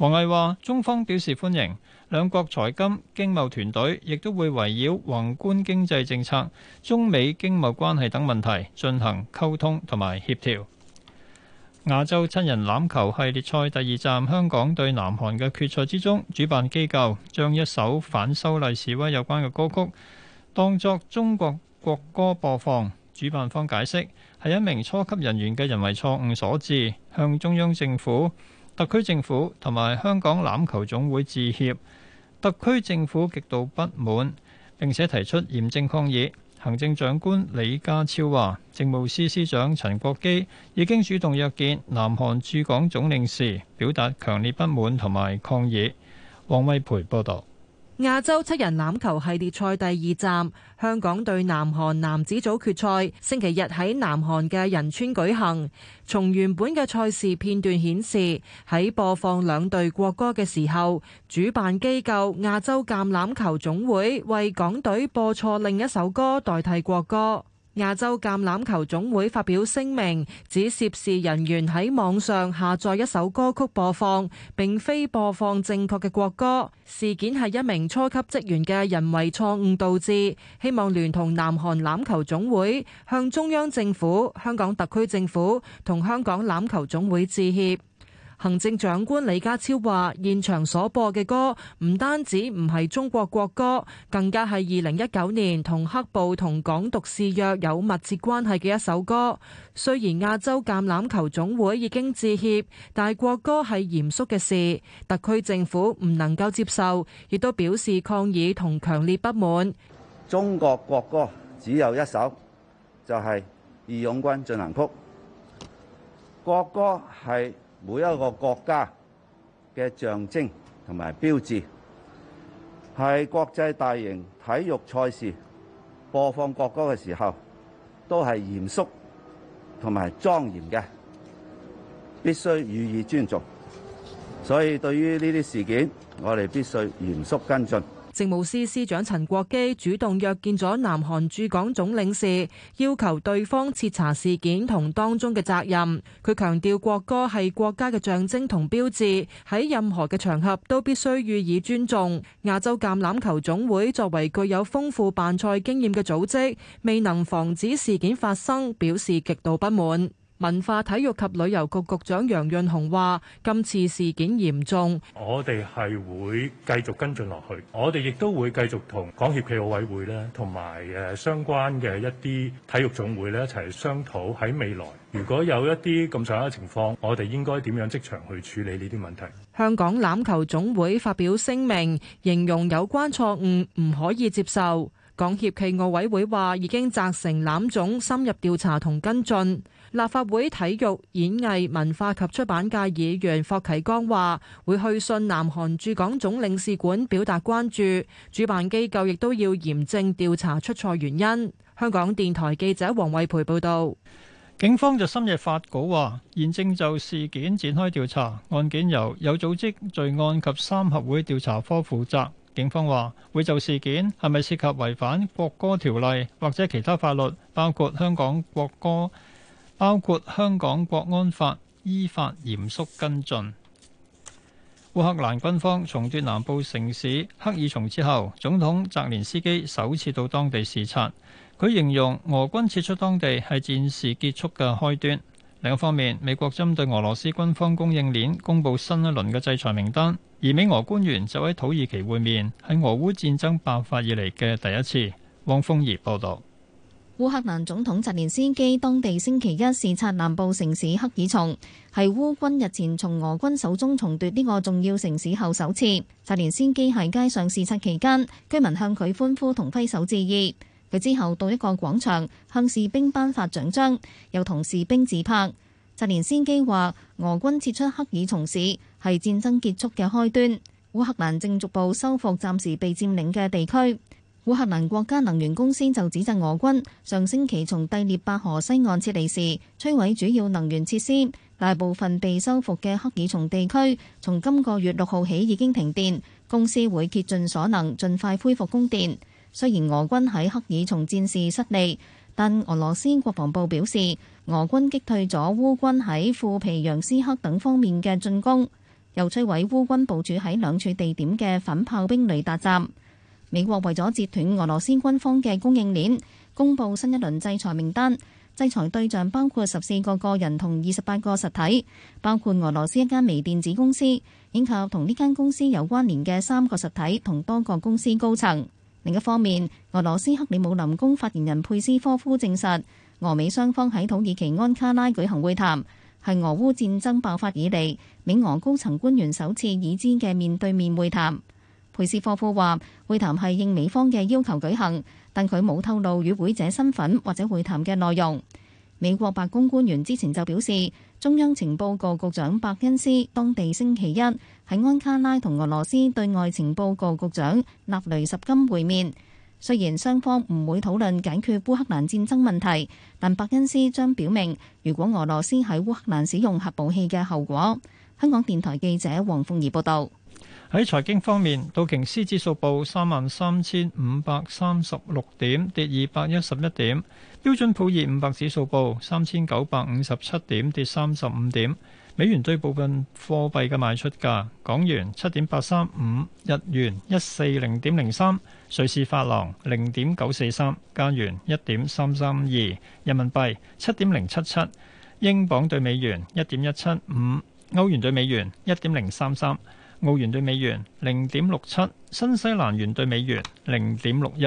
王毅話：中方表示歡迎，兩國財金經貿團隊亦都會圍繞宏觀經濟政策、中美經貿關係等問題進行溝通同埋協調。亞洲七人欖球系列賽第二站香港對南韓嘅決賽之中，主辦機構將一首反修例示威有關嘅歌曲當作中國國歌播放。主辦方解釋，係一名初級人員嘅人為錯誤所致，向中央政府特區政府同埋香港欖球總會致歉，特區政府極度不滿，並且提出嚴正抗議。行政長官李家超話，政務司司長陳國基已經主動約見南韓駐港總領事，表達強烈不滿同埋抗議。王威培報導。亞洲七人欖球系列賽第二站，香港對南韓男子組決賽星期日喺南韓嘅仁川舉行。從原本嘅賽事片段顯示，喺播放兩隊國歌嘅時候，主辦機構亞洲橄欖球總會為港隊播錯另一首歌代替國歌。亞洲橄欖球總會發表聲明，指涉事人員喺網上下載一首歌曲播放，並非播放正確嘅國歌。事件係一名初級職員嘅人為錯誤導致，希望聯同南韓欖球總會向中央政府、香港特區政府同香港欖球總會致歉。行政長官李家超話：現場所播嘅歌唔單止唔係中國國歌，更加係二零一九年同黑暴同港獨示弱有密切關係嘅一首歌。雖然亞洲橄欖球總會已經致歉，但係國歌係嚴肅嘅事，特區政府唔能夠接受，亦都表示抗議同強烈不滿。中國國歌只有一首，就係、是《義勇軍進行曲》，國歌係。每一個國家嘅象徵同埋標誌，係國際大型體育賽事播放國歌嘅時候，都係嚴肅同埋莊嚴嘅，必須予以尊重。所以對於呢啲事件，我哋必須嚴肅跟進。政務司司長陳國基主動約見咗南韓駐港總領事，要求對方徹查事件同當中嘅責任。佢強調國歌係國家嘅象徵同標誌，喺任何嘅場合都必須予以尊重。亞洲橄欖球總會作為具有豐富辦賽經驗嘅組織，未能防止事件發生，表示極度不滿。文化體育及旅遊局局長楊潤雄話，今次事件嚴重，我哋係會繼續跟進落去。我哋亦都會繼續同港協企奧委會咧，同埋誒相關嘅一啲體育總會咧一齊商討喺未來，如果有一啲咁上下嘅情況，我哋應該點樣即場去處理呢啲問題？香港欖球總會發表聲明，形容有關錯誤唔可以接受。港協企奧委會話已經責成欖總深入調查同跟進。立法會體育、演藝、文化及出版界議員霍啟剛話：會去信南韓駐港總領事館表達關注，主辦機構亦都要嚴正調查出錯原因。香港電台記者黃惠培報導。警方就深夜發稿話，現正就事件展開調查，案件由有組織罪案及三合會調查科負責。警方話會就事件係咪涉及違反國歌條例或者其他法律，包括香港國歌。包括香港國安法依法嚴肅跟進。烏克蘭軍方重奪南部城市克爾松之後，總統澤連斯基首次到當地視察。佢形容俄軍撤出當地係戰事結束嘅開端。另一方面，美國針對俄羅斯軍方供應鏈公布新一輪嘅制裁名單，而美俄官員就喺土耳其會面，係俄烏戰爭爆發以嚟嘅第一次。汪峰儀報道。烏克蘭總統澤連斯基當地星期一視察南部城市赫爾松，係烏軍日前從俄軍手中重奪呢個重要城市後首次。澤連斯基喺街上視察期間，居民向佢歡呼同揮手致意。佢之後到一個廣場，向士兵頒發獎章，又同士兵自拍。澤連斯基話：俄軍撤出赫爾松市係戰爭結束嘅開端。烏克蘭正逐步收復暫時被佔領嘅地區。烏克蘭國家能源公司就指責俄軍上星期從第聶伯河西岸撤離時，摧毀主要能源設施。大部分被收復嘅克爾松地區，從今個月六號起已經停電。公司會竭盡所能盡快恢復供電。雖然俄軍喺克爾松戰事失利，但俄羅斯國防部表示，俄軍擊退咗烏軍喺庫皮揚斯克等方面嘅進攻，又摧毀烏軍部署喺兩處地點嘅反炮兵雷達站。美國為咗截斷俄羅斯軍方嘅供應鏈，公布新一輪制裁名單，制裁對象包括十四個個人同二十八個實體，包括俄羅斯一間微電子公司，以及同呢間公司有關連嘅三個實體同多個公司高層。另一方面，俄羅斯克里姆林宮發言人佩斯科夫證實，俄美雙方喺土耳其安卡拉舉行會談，係俄烏戰爭爆發以嚟，美俄高層官員首次已知嘅面對面會談。佩斯科夫話會談係應美方嘅要求舉行，但佢冇透露與會者身份或者會談嘅內容。美國白宮官員之前就表示，中央情報局局長伯恩斯當地星期一喺安卡拉同俄羅斯對外情報局局長納雷什金會面。雖然雙方唔會討論解決烏克蘭戰爭問題，但伯恩斯將表明如果俄羅斯喺烏克蘭使用核武器嘅後果。香港電台記者黃鳳儀報道。喺財經方面，道瓊斯指數報三萬三千五百三十六點，跌二百一十一點。標準普爾五百指數報三千九百五十七點，跌三十五點。美元對部分貨幣嘅賣出價：港元七點八三五，日元一四零點零三，瑞士法郎零點九四三，加元一點三三二，人民幣七點零七七，英鎊對美元一點一七五，歐元對美元一點零三三。澳元兌美元零點六七，新西蘭元兌美元零點六一，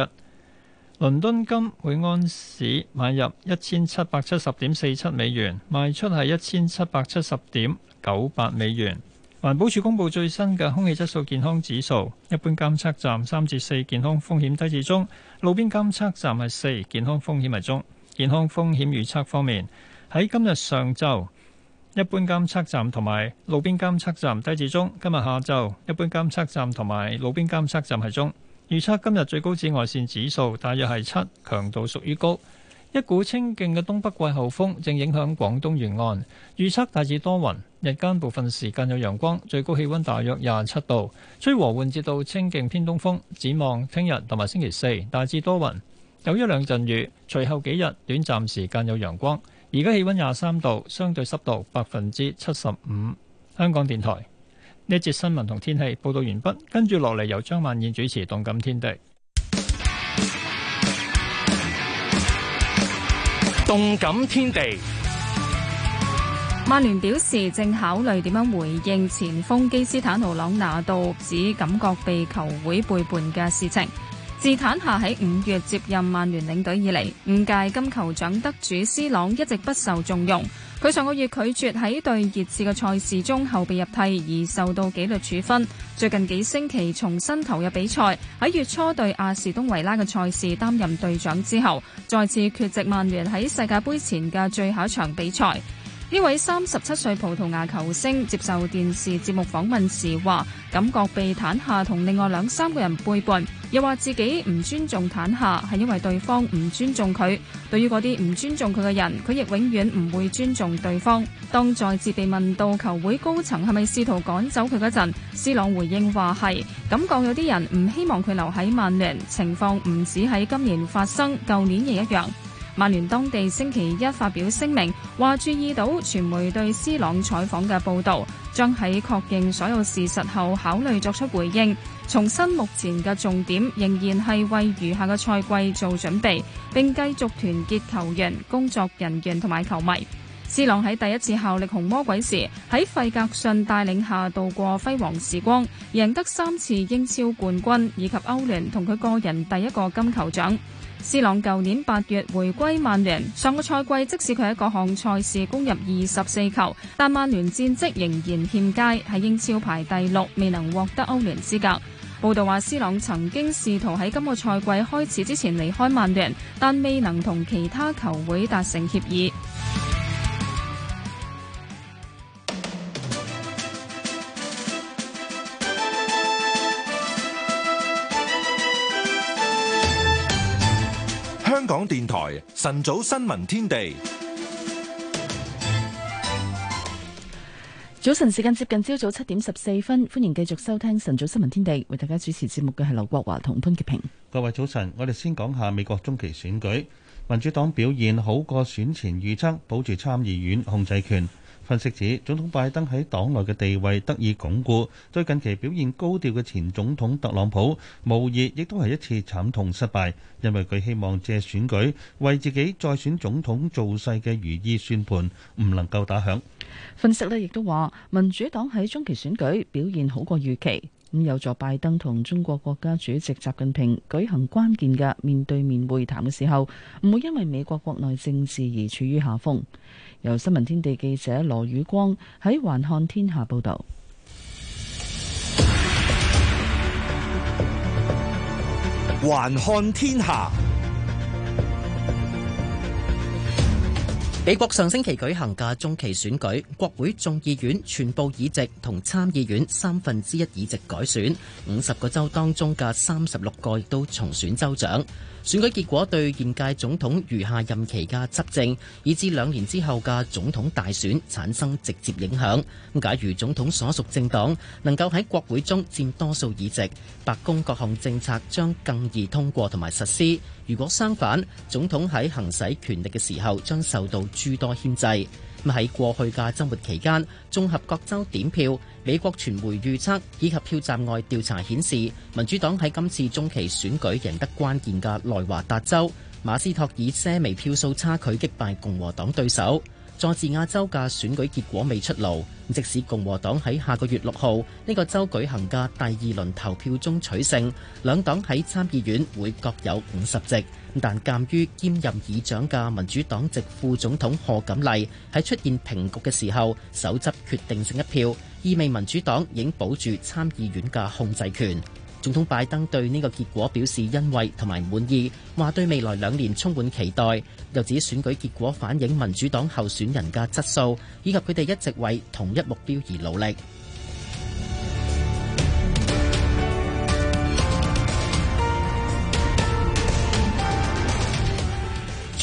倫敦金每安士買入一千七百七十點四七美元，賣出係一千七百七十點九八美元。環保署公布最新嘅空氣質素健康指數一般監測站三至四健康風險低至中，路邊監測站係四健康風險為中。健康風險預測方面，喺今日上晝。一般監測站同埋路邊監測站低至中。今日下晝一般監測站同埋路邊監測站係中。預測今日最高紫外線指數大約係七，強度屬於高。一股清勁嘅東北季候風正影響廣東沿岸，預測大致多雲，日間部分時間有陽光，最高氣溫大約廿七度，吹和緩至到清勁偏東風。展望聽日同埋星期四大致多雲，有一兩陣雨，隨後幾日短暫時間有陽光。而家氣溫廿三度，相對濕度百分之七十五。香港電台呢一節新聞同天氣報導完畢，跟住落嚟由張曼燕主持《動感天地》。動感天地。曼聯表示正考慮點樣回應前鋒基斯坦奴朗拿度指感覺被球會背叛嘅事情。自坦下喺五月接任曼聯領隊以嚟，五屆金球獎得主斯朗一直不受重用。佢上個月拒絕喺對熱刺嘅賽事中後備入替，而受到紀律處分。最近幾星期重新投入比賽，喺月初對阿士東維拉嘅賽事擔任隊長之後，再次缺席曼聯喺世界杯前嘅最後一場比賽。呢位三十七歲葡萄牙球星接受電視節目訪問時話，感覺被坦夏同另外兩三個人背叛，又話自己唔尊重坦夏，係因為對方唔尊重佢。對於嗰啲唔尊重佢嘅人，佢亦永遠唔會尊重對方。當再次被問到球會高層係咪試圖趕走佢嗰陣，施朗回應話，係感覺有啲人唔希望佢留喺曼聯，情況唔止喺今年發生，舊年亦一樣。曼聯當地星期一發表聲明，話注意到傳媒對斯朗採訪嘅報道，將喺確認所有事實後考慮作出回應。重申目前嘅重點仍然係為餘下嘅賽季做準備，並繼續團結球員、工作人員同埋球迷。斯朗喺第一次效力紅魔鬼時，喺費格遜帶領下度過輝煌時光，贏得三次英超冠軍以及歐聯同佢個人第一個金球獎。斯朗舊年八月回歸曼聯，上個賽季即使佢喺各項賽事攻入二十四球，但曼聯戰績仍然欠佳，喺英超排第六，未能獲得歐聯資格。報道話，斯朗曾經試圖喺今個賽季開始之前離開曼聯，但未能同其他球會達成協議。香港電台晨早新聞天地，早晨時間接近朝早七點十四分，歡迎繼續收聽晨早新聞天地，為大家主持節目嘅係劉國華同潘潔平。各位早晨，我哋先講下美國中期選舉，民主黨表現好過選前預測，保住參議院控制權。分析指，總統拜登喺黨內嘅地位得以鞏固，對近期表現高調嘅前總統特朗普，無疑亦都係一次慘痛失敗，因為佢希望借選舉為自己再選總統做勢嘅如意算盤唔能夠打響。分析呢亦都話民主黨喺中期選舉表現好過預期，咁有助拜登同中國國家主席習近平舉行關鍵嘅面對面會談嘅時候，唔會因為美國國內政治而處於下風。由新聞天地記者羅宇光喺《環看天下》報道，《環看天下》美國上星期舉行嘅中期選舉，國會眾議院全部議席同參議院三分之一議席改選，五十個州當中嘅三十六個亦都重選州長。選舉結果對現屆總統餘下任期嘅執政，以至兩年之後嘅總統大選產生直接影響。咁假如總統所屬政黨能夠喺國會中佔多數議席，白宮各項政策將更易通過同埋實施；如果相反，總統喺行使權力嘅時候將受到諸多牽制。喺過去嘅周末期間，綜合各州點票、美國傳媒預測以及票站外調查顯示，民主黨喺今次中期選舉贏得關鍵嘅內華達州，馬斯托以些微票數差距擊敗共和黨對手。佐治亞州嘅選舉結果未出爐，即使共和黨喺下個月六號呢個州舉行嘅第二輪投票中取勝，兩黨喺參議院會各有五十席，但鑑於兼任議長嘅民主黨籍副總統賀錦麗喺出現平局嘅時候手執決定性一票，意味民主黨已經保住參議院嘅控制權。總統拜登對呢個結果表示欣慰同埋滿意，話對未來兩年充滿期待，又指選舉結果反映民主黨候選人嘅質素，以及佢哋一直為同一目標而努力。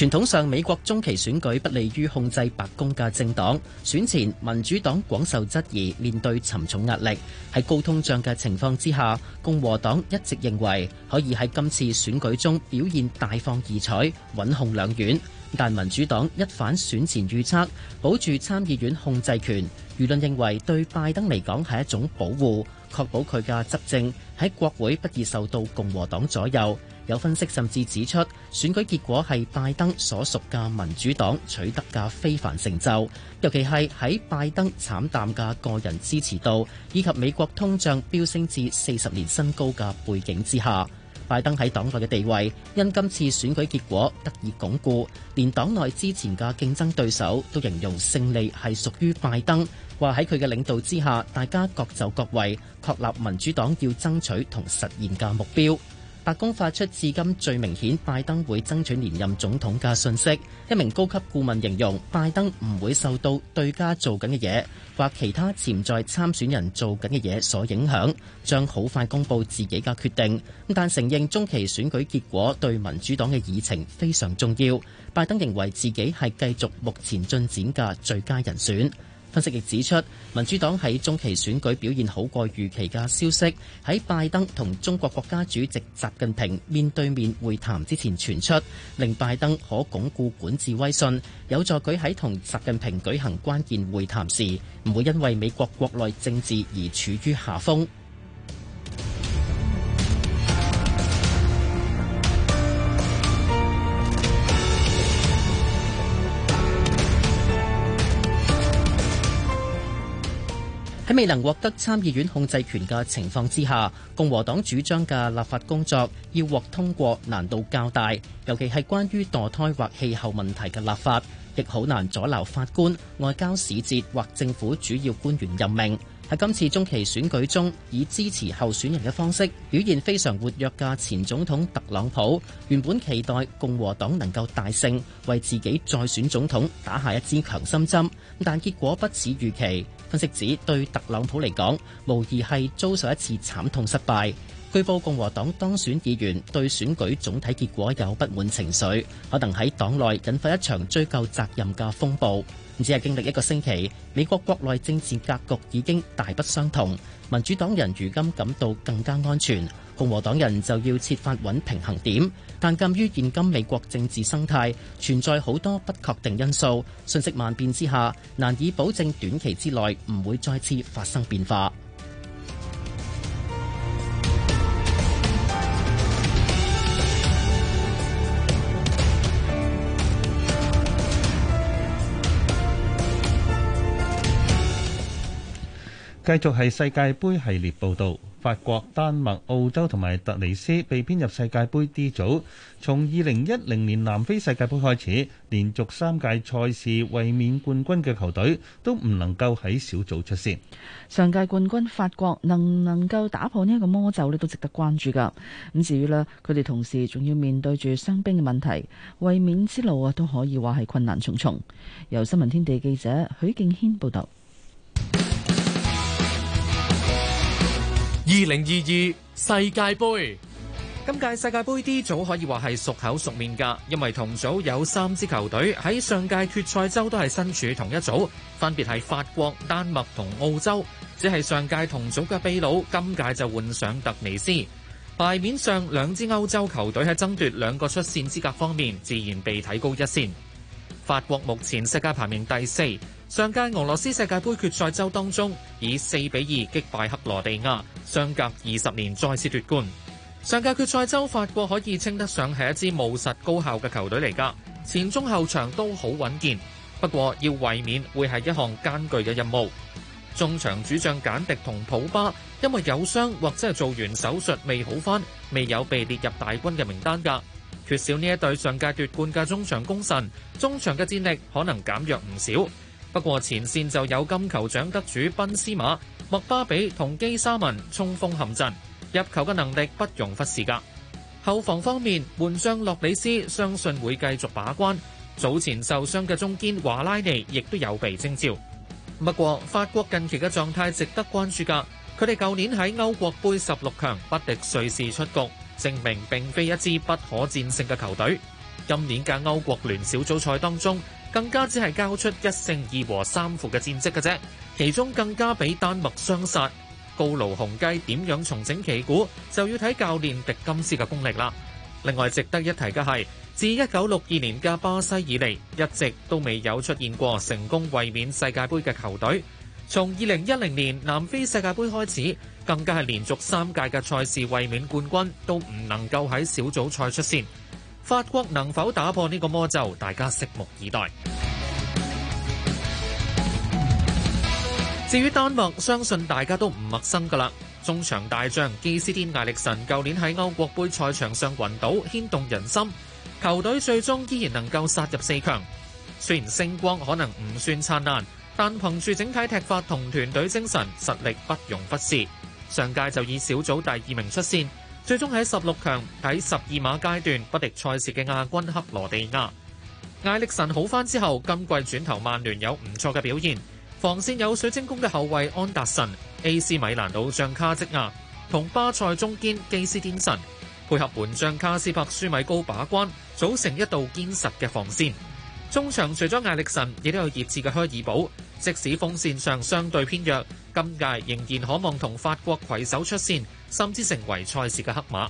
傳統上，美國中期選舉不利於控制白宮嘅政黨。選前民主黨廣受質疑，面對沉重壓力。喺高通脹嘅情況之下，共和黨一直認為可以喺今次選舉中表現大放異彩，穩控兩院。但民主黨一反選前預測，保住參議院控制權。輿論認為對拜登嚟講係一種保護。確保佢嘅執政喺國會不易受到共和黨左右。有分析甚至指出，選舉結果係拜登所屬嘅民主黨取得嘅非凡成就，尤其係喺拜登慘淡嘅個人支持度以及美國通脹飆升至四十年新高嘅背景之下。拜登喺黨內嘅地位因今次選舉結果得以鞏固，連黨內之前嘅競爭對手都形容勝利係屬於拜登。話喺佢嘅領導之下，大家各就各位，確立民主黨要爭取同實現嘅目標。白宮發出至今最明顯，拜登會爭取連任總統嘅信息。一名高級顧問形容拜登唔會受到對家做緊嘅嘢或其他潛在參選人做緊嘅嘢所影響，將好快公佈自己嘅決定。但承認中期選舉結果對民主黨嘅議程非常重要。拜登認為自己係繼續目前進展嘅最佳人選。分析亦指出，民主黨喺中期選舉表現好過預期嘅消息，喺拜登同中國國家主席習近平面對面會談之前傳出，令拜登可鞏固管治威信，有助佢喺同習近平舉行關鍵會談時，唔會因為美國國內政治而處於下風。喺未能獲得參議院控制權嘅情況之下，共和黨主張嘅立法工作要獲通過難度較大，尤其係關於墮胎或氣候問題嘅立法，亦好難阻撓法官、外交使節或政府主要官員任命。喺今次中期選舉中，以支持候選人嘅方式表現非常活躍嘅前總統特朗普，原本期待共和黨能夠大勝，為自己再選總統打下一支強心針，但結果不似預期。分析指，對特朗普嚟講，無疑係遭受一次慘痛失敗。據報共和黨當選議員對選舉總體結果有不滿情緒，可能喺黨內引發一場追究責任嘅風暴。只係經歷一個星期，美國國內政治格局已經大不相同。民主黨人如今感到更加安全，共和黨人就要設法揾平衡點。但鑒於現今美國政治生態存在好多不確定因素，信息萬變之下，難以保證短期之內唔會再次發生變化。繼續係世界盃系列報道，法國、丹麥、澳洲同埋突尼斯被編入世界杯 D 組。從二零一零年南非世界杯開始，連續三屆賽事衛冕冠軍嘅球隊都唔能夠喺小組出線。上屆冠軍法國能唔能夠打破呢一個魔咒呢？都值得關注噶。咁至於呢，佢哋同時仲要面對住傷兵嘅問題，衛冕之路啊都可以話係困難重重。由新聞天地記者許敬軒報道。二零二二世界杯，今屆世界杯 D 組可以話係熟口熟面噶因為同組有三支球隊喺上屆決賽周都係身處同一組，分別係法國、丹麥同澳洲。只係上屆同組嘅秘魯，今屆就換上突尼斯。牌面上，兩支歐洲球隊喺爭奪兩個出線資格方面，自然被睇高一線。法國目前世界排名第四，上屆俄羅斯世界杯決賽周當中以四比二擊敗克羅地亞。相隔二十年再次奪冠，上屆決賽周法國可以稱得上係一支務實高效嘅球隊嚟噶，前中後場都好穩健。不過要衛冕會係一項艱巨嘅任務。中場主將簡迪同普巴因為有傷或者係做完手術未好翻，未有被列入大軍嘅名單噶，缺少呢一對上屆奪冠嘅中場功臣，中場嘅戰力可能減弱唔少。不過前線就有金球獎得主賓斯馬。麥巴比同基沙文衝鋒陷陣，入球嘅能力不容忽視噶。後防方面，門將洛里斯相信會繼續把關。早前受傷嘅中堅華拉尼亦都有被徵召。不過法國近期嘅狀態值得關注噶。佢哋舊年喺歐國杯十六強不敵瑞士出局，證明並非一支不可戰勝嘅球隊。今年嘅歐國聯小組賽當中，更加只係交出一勝二和三負嘅戰績嘅啫。其中更加俾丹麥雙殺高盧雄雞，點樣重整旗鼓就要睇教練迪金斯嘅功力啦。另外值得一提嘅係，自一九六二年嘅巴西以嚟，一直都未有出現過成功衛冕世界盃嘅球隊。從二零一零年南非世界盃開始，更加係連續三屆嘅賽事衛冕冠，冠軍都唔能夠喺小組賽出線。法國能否打破呢個魔咒？大家拭目以待。至於丹麥，相信大家都唔陌生噶啦。中場大將基斯甸·艾力神，舊年喺歐國盃賽場上暈倒，牽動人心。球隊最終依然能夠殺入四強，雖然星光可能唔算燦爛，但憑住整體踢法同團隊精神，實力不容忽視。上屆就以小組第二名出線，最終喺十六強喺十二碼階段不敵賽事嘅亞軍克羅地亞。艾力神好翻之後，今季轉投曼聯有唔錯嘅表現。防線有水晶宮嘅後衛安達臣、AC 米蘭老將卡積亞同巴塞中堅基斯甸臣，配合門將卡斯柏舒米高把關，組成一道堅實嘅防線。中場除咗艾力臣，亦都有熱刺嘅靴爾堡。即使鋒線上相對偏弱，今屆仍然可望同法國攜手出線，甚至成為賽事嘅黑馬。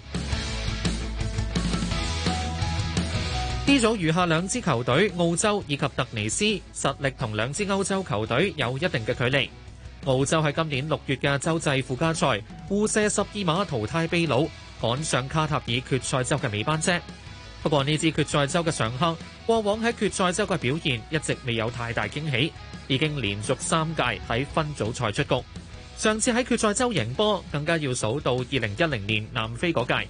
呢組餘下兩支球隊，澳洲以及突尼斯，實力同兩支歐洲球隊有一定嘅距離。澳洲喺今年六月嘅洲際附加賽，互射十二碼淘汰秘魯，趕上卡塔爾決賽周嘅尾班車。不過呢支決賽周嘅上客，過往喺決賽周嘅表現一直未有太大驚喜，已經連續三屆喺分組賽出局。上次喺決賽周贏波，更加要數到二零一零年南非嗰屆。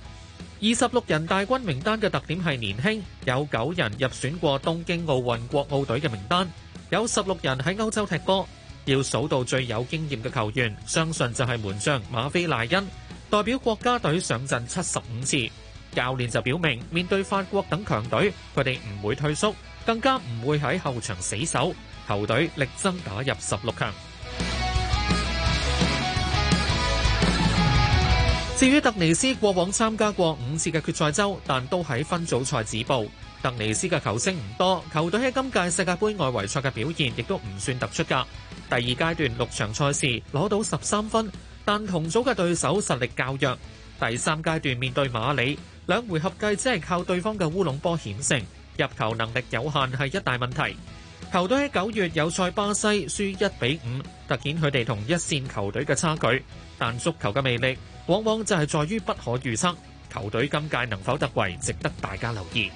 二十六人大軍名單嘅特點係年輕，有九人入選過東京奧運國奧隊嘅名單，有十六人喺歐洲踢波。要數到最有經驗嘅球員，相信就係門將馬菲賴恩，代表國家隊上陣七十五次。教練就表明，面對法國等強隊，佢哋唔會退縮，更加唔會喺後場死守，球隊力爭打入十六強。至於突尼斯過往參加過五次嘅決賽周，但都喺分組賽止步。突尼斯嘅球星唔多，球隊喺今屆世界盃外圍賽嘅表現亦都唔算突出㗎。第二階段六場賽事攞到十三分，但同組嘅對手實力較弱。第三階段面對馬里，兩回合計只係靠對方嘅烏龍波險勝，入球能力有限係一大問題。球隊喺九月友賽巴西，輸一比五，突顯佢哋同一線球隊嘅差距。但足球嘅魅力，往往就係在於不可預測，球隊今屆能否突圍，值得大家留意。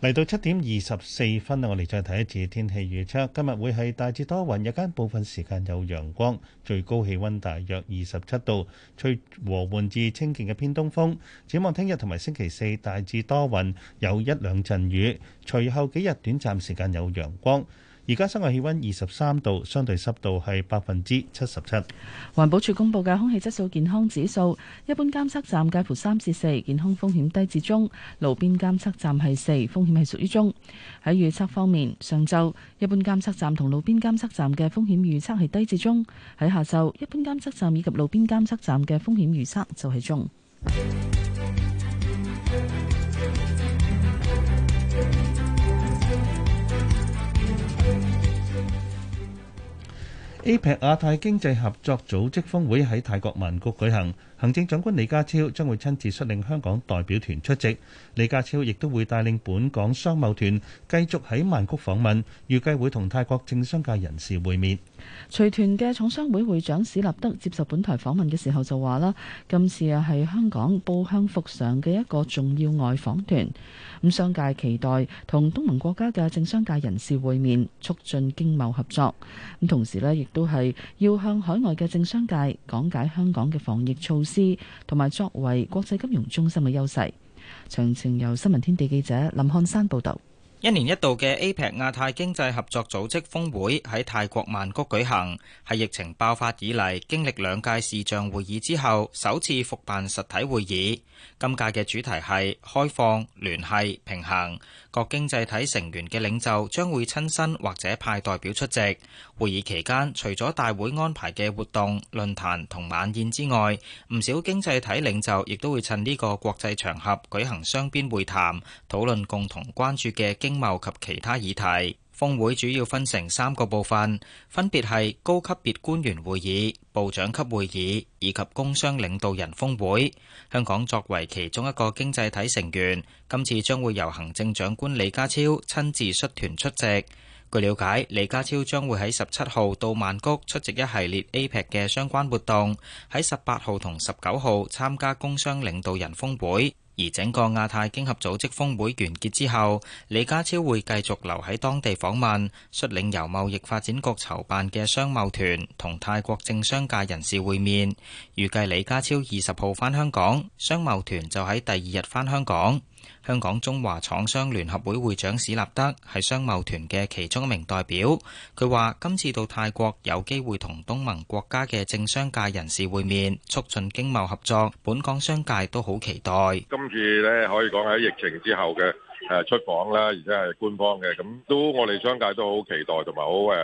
嚟到七點二十四分啦，我哋再睇一次天氣預測。今日會係大致多雲，日間部分時間有陽光，最高氣温大約二十七度，吹和緩至清勁嘅偏東風。展望聽日同埋星期四大致多雲，有一兩陣雨，隨後幾日短暫時間有陽光。而家室外氣温二十三度，相對濕度係百分之七十七。環保署公布嘅空氣質素健康指數，一般監測站介乎三至四，健康風險低至中；路邊監測站係四，風險係屬於中。喺預測方面，上晝一般監測站同路邊監測站嘅風險預測係低至中；喺下晝一般監測站以及路邊監測站嘅風險預測就係中。APEC 亞太經濟合作組織峰會喺泰國曼谷舉行，行政長官李家超將會親自率領香港代表團出席。李家超亦都會帶領本港商貿團繼續喺曼谷訪問，預計會同泰國政商界人士會面。隨團嘅廠商會會長史立德接受本台訪問嘅時候就話啦：今次又係香港報香復常嘅一個重要外訪團。咁商界期待同東盟國家嘅政商界人士會面，促進經貿合作。咁同時呢，亦都係要向海外嘅政商界講解香港嘅防疫措施，同埋作為國際金融中心嘅優勢。詳情由新聞天地記者林漢山報道。一年一度嘅 APEC 亞太經濟合作組織峰會喺泰國曼谷舉行，係疫情爆發以嚟經歷兩屆視像會議之後首次復辦實體會議，今屆嘅主題係開放、聯繫、平衡。各經濟體成員嘅領袖將會親身或者派代表出席。會議期間，除咗大會安排嘅活動、論壇同晚宴之外，唔少經濟體領袖亦都會趁呢個國際場合舉行雙邊會談，討論共同關注嘅經貿及其他議題。峰會主要分成三個部分，分別係高級別官員會議、部長級會議以及工商領導人峰會。香港作為其中一個經濟體成員，今次將會由行政長官李家超親自率團出席。據了解，李家超將會喺十七號到曼谷出席一系列 APEC 嘅相關活動，喺十八號同十九號參加工商領導人峰會。而整個亞太經合組織峰會完結之後，李家超會繼續留喺當地訪問，率領由貿易發展局籌辦嘅商貿團同泰國政商界人士會面。預計李家超二十號返香港，商貿團就喺第二日返香港。香港中華廠商聯合會會長史立德係商貿團嘅其中一名代表，佢話今次到泰國有機會同東盟國家嘅政商界人士會面，促進經貿合作，本港商界都好期待。今次呢可以講喺疫情之後嘅。誒出訪啦，而且係官方嘅，咁都我哋商界都好期待同埋好誒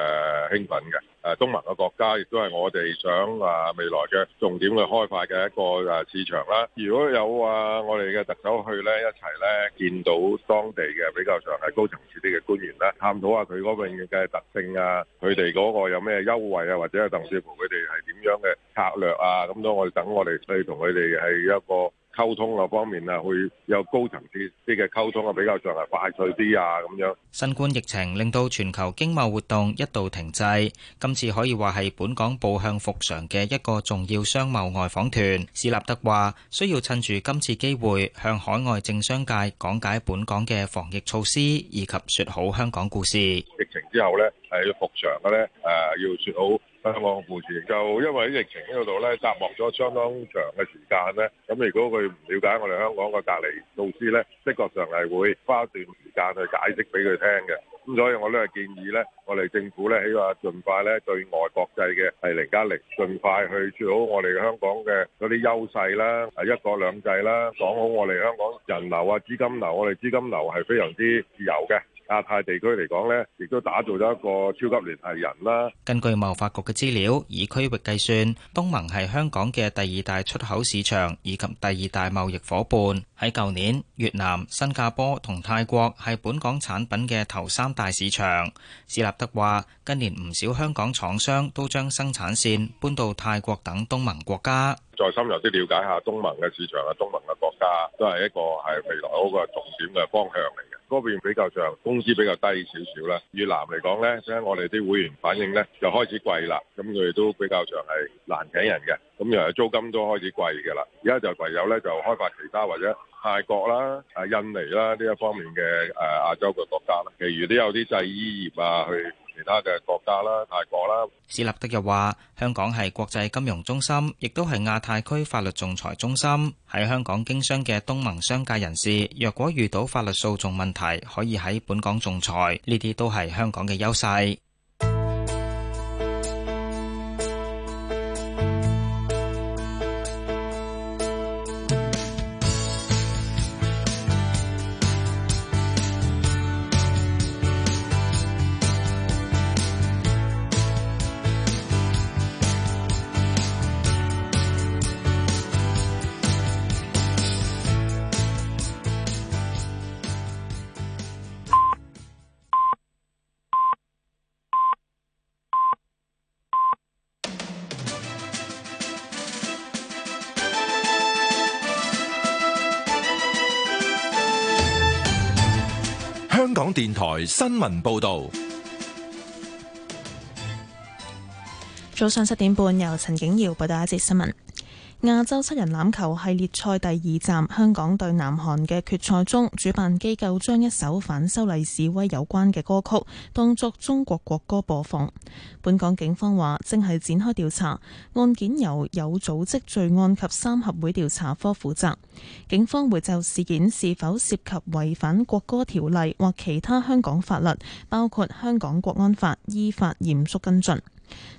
興奮嘅。誒東盟嘅國家，亦都係我哋想啊未來嘅重點去開發嘅一個誒市場啦。如果有啊，我哋嘅特首去咧，一齊咧見到當地嘅比較上係高層次啲嘅官員啦，探討下佢嗰個嘅特性啊，佢哋嗰個有咩優惠啊，或者係鄧小平佢哋係點樣嘅策略啊，咁都我哋等我哋去同佢哋係一個。溝通個方面啊，會有高層次啲嘅溝通啊，比較上係快脆啲啊，咁樣。新冠疫情令到全球經貿活動一度停滯，今次可以話係本港步向復常嘅一個重要商貿外訪團。史立德話：需要趁住今次機會，向海外政商界講解本港嘅防疫措施，以及說好香港故事。疫情之後咧，喺復常嘅咧，誒，要説好。香港目前就因為疫情呢度度咧，隔膜咗相當長嘅時間咧，咁如果佢唔了解我哋香港嘅隔離措施咧，的確上係會花一段時間去解釋俾佢聽嘅。咁所以我都係建議咧，我哋政府咧起碼盡快咧對外國際嘅係零加零，盡快去處好我哋香港嘅嗰啲優勢啦，係一國兩制啦，講好我哋香港人流啊、資金流，我哋資金流係非常之自由嘅。亞太地區嚟講咧，亦都打造咗一個超級聯繫人啦。根據貿發局嘅資料，以區域計算，東盟係香港嘅第二大出口市場以及第二大貿易夥伴。喺舊年，越南、新加坡同泰國係本港產品嘅頭三大市場。史立德話近年唔少香港廠商都將生產綫搬到泰國等東盟國家。再深入啲了解下東盟嘅市場啊，東盟嘅國家都係一個係未來好嘅重點嘅方向嚟。嗰邊比較長，工資比較低少少啦。越南嚟講呢，所以我哋啲會員反映呢，就開始貴啦。咁佢哋都比較長係難請人嘅，咁又係租金都開始貴嘅啦。而家就唯有呢，就開發其他或者泰國啦、啊印尼啦呢一方面嘅誒、呃、亞洲嘅國家啦，其餘都有啲製衣業啊去。其他嘅國家啦、泰國啦，史立德又話：香港係國際金融中心，亦都係亞太區法律仲裁中心。喺香港經商嘅東盟商界人士，若果遇到法律訴訟問題，可以喺本港仲裁，呢啲都係香港嘅優勢。台新聞報道，早上七點半，由陳景瑤報道一節新聞。亞洲七人欖球系列賽第二站，香港對南韓嘅決賽中，主辦機構將一首反修例示威有關嘅歌曲當作中國國歌播放。本港警方話正係展開調查，案件由有組織罪案及三合會調查科負責。警方會就事件是否涉及違反國歌條例或其他香港法律，包括香港國安法，依法嚴肅跟進。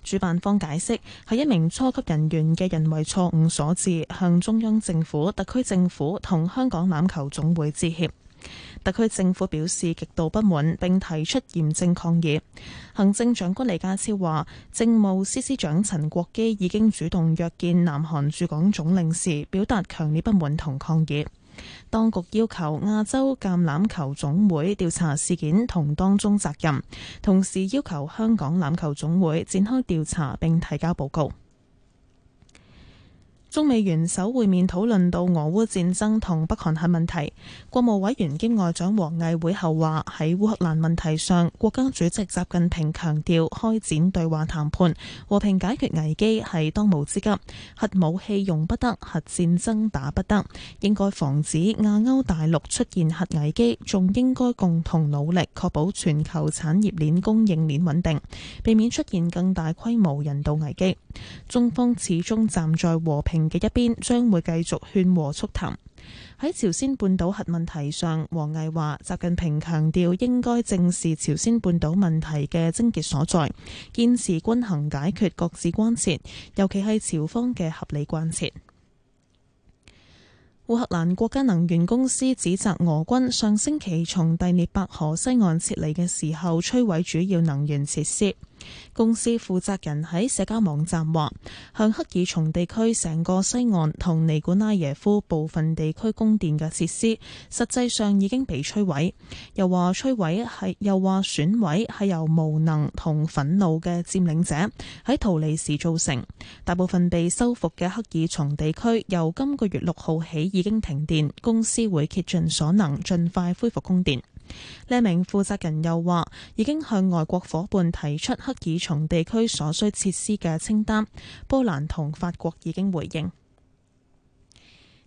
主辦方解釋係一名初級人員嘅人為錯誤所致，向中央政府、特區政府同香港欖球總會致歉。特區政府表示極度不滿，並提出嚴正抗議。行政長官李家超話，政務司司長陳國基已經主動約見南韓駐港總領事，表達強烈不滿同抗議。當局要求亞洲橄欖球總會調查事件同當中責任，同時要求香港欖球總會展開調查並提交報告。中美元首會面討論到俄烏戰爭同北韓核問題，國務委員兼外長王毅會後話：喺烏克蘭問題上，國家主席習近平強調開展對話談判、和平解決危機係當務之急。核武器用不得，核戰爭打不得，應該防止亞歐大陸出現核危機，仲應該共同努力確保全球產業鏈供應鏈穩定，避免出現更大規模人道危機。中方始終站在和平嘅一邊，將會繼續勸和促談。喺朝鮮半島核問題上，王毅話，習近平強調應該正視朝鮮半島問題嘅癥結所在，堅持均衡解決各自關切，尤其係朝方嘅合理關切。烏克蘭國家能源公司指責俄軍上星期從第聶伯河西岸撤離嘅時候摧毀主要能源設施。公司負責人喺社交網站話：向克爾松地區成個西岸同尼古拉耶夫部分地區供電嘅設施，實際上已經被摧毀。又話摧毀係又話損毀係由無能同憤怒嘅佔領者喺逃離時造成。大部分被修復嘅克爾松地區，由今個月六號起。已經停電，公司會竭盡所能，盡快恢復供電。呢名負責人又話：已經向外國伙伴提出克爾松地區所需設施嘅清單，波蘭同法國已經回應。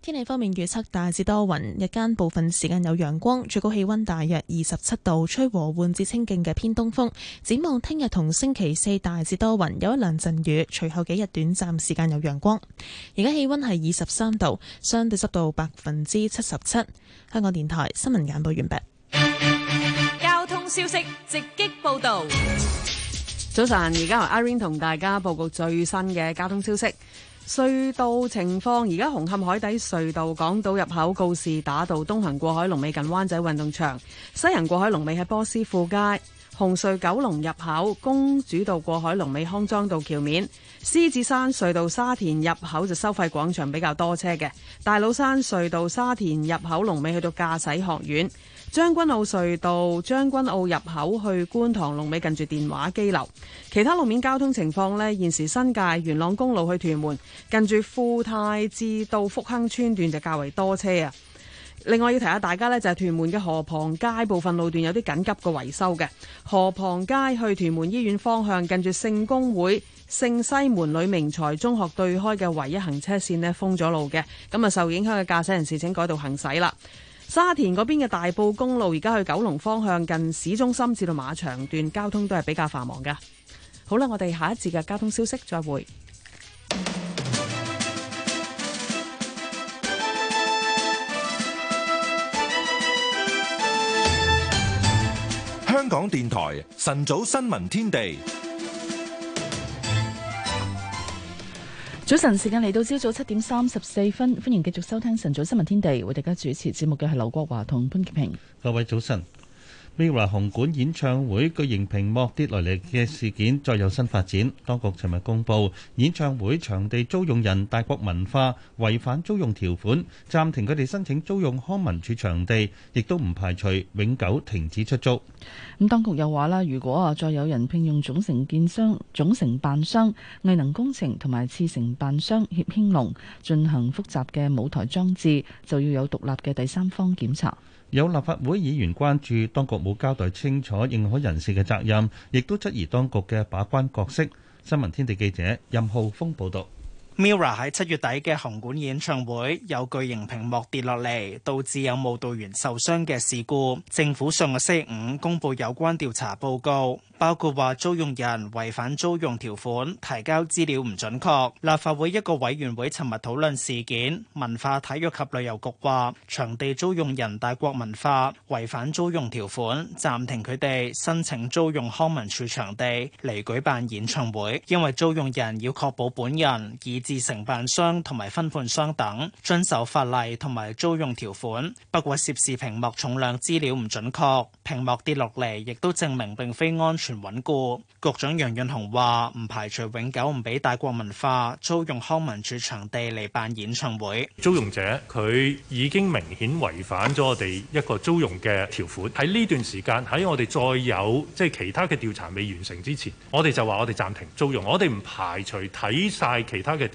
天氣方面預測大致多雲，日間部分時間有陽光，最高氣温大約二十七度，吹和緩至清勁嘅偏東風。展望聽日同星期四大致多雲，有一兩陣雨，隨後幾日短暫時間有陽光。而家氣溫係二十三度，相對濕度百分之七十七。香港電台新聞簡報完畢。交通消息直擊報道。早晨，而家由 Irene 同大家報告最新嘅交通消息。隧道情況，而家紅磡海底隧道港島入口告士打道東行過海龍尾近灣仔運動場；西行過海龍尾喺波斯富街。紅隧九龍入口公主道過海龍尾康莊道橋面。獅子山隧道沙田入口就收費廣場比較多車嘅。大老山隧道沙田入口龍尾去到駕駛學院。將軍澳隧道將軍澳入口去觀塘龍尾近住電話機樓，其他路面交通情況呢？現時新界元朗公路去屯門近住富泰至到福亨村段就較為多車啊。另外要提下大家呢，就係屯門嘅河旁街部分路段有啲緊急嘅維修嘅，河旁街去屯門醫院方向近住聖公會聖西門呂明才中學對開嘅唯一行車線呢，封咗路嘅，咁啊受影響嘅駕駛人士請改道行駛啦。沙田嗰邊嘅大埔公路，而家去九龍方向近市中心至到馬場段，交通都係比較繁忙噶。好啦，我哋下一節嘅交通消息再會。香港電台晨早新聞天地。早晨，時間嚟到朝早七點三十四分，歡迎繼續收聽晨早新聞天地，為大家主持節目嘅係劉國華同潘潔平。各位早晨。Mirror 紅館演唱會巨型屏幕跌落嚟嘅事件再有新發展，當局尋日公布演唱會場地租用人大國文化違反租用條款，暫停佢哋申請租用康文署場地，亦都唔排除永久停止出租。咁當局又話啦，如果啊再有人聘用總承建商、總承辦商、藝能工程同埋次承辦商協興隆進行複雜嘅舞台裝置，就要有獨立嘅第三方檢查。有立法會議員關注當局冇交代清楚認可人士嘅責任，亦都質疑當局嘅把關角色。新聞天地記者任浩峰報導。Mira 喺七月底嘅紅館演唱會有巨型屏幕跌落嚟，導致有舞蹈員受傷嘅事故。政府上個星期五公布有關調查報告，包括話租用人違反租用條款，提交資料唔準確。立法會一個委員會尋日討論事件。文化體育及旅遊局話，場地租用人大國文化違反租用條款，暫停佢哋申請租用康文署場地嚟舉辦演唱會，因為租用人要確保本人以自承辦商同埋分判商等遵守法例同埋租用條款，不過涉事屏幕重量資料唔準確，屏幕跌落嚟亦都證明並非安全穩固。局長楊潤雄話：唔排除永久唔俾大國文化租用康文署場地嚟辦演唱會。租用者佢已經明顯違反咗我哋一個租用嘅條款。喺呢段時間，喺我哋再有即係其他嘅調查未完成之前，我哋就話我哋暫停租用。我哋唔排除睇晒其他嘅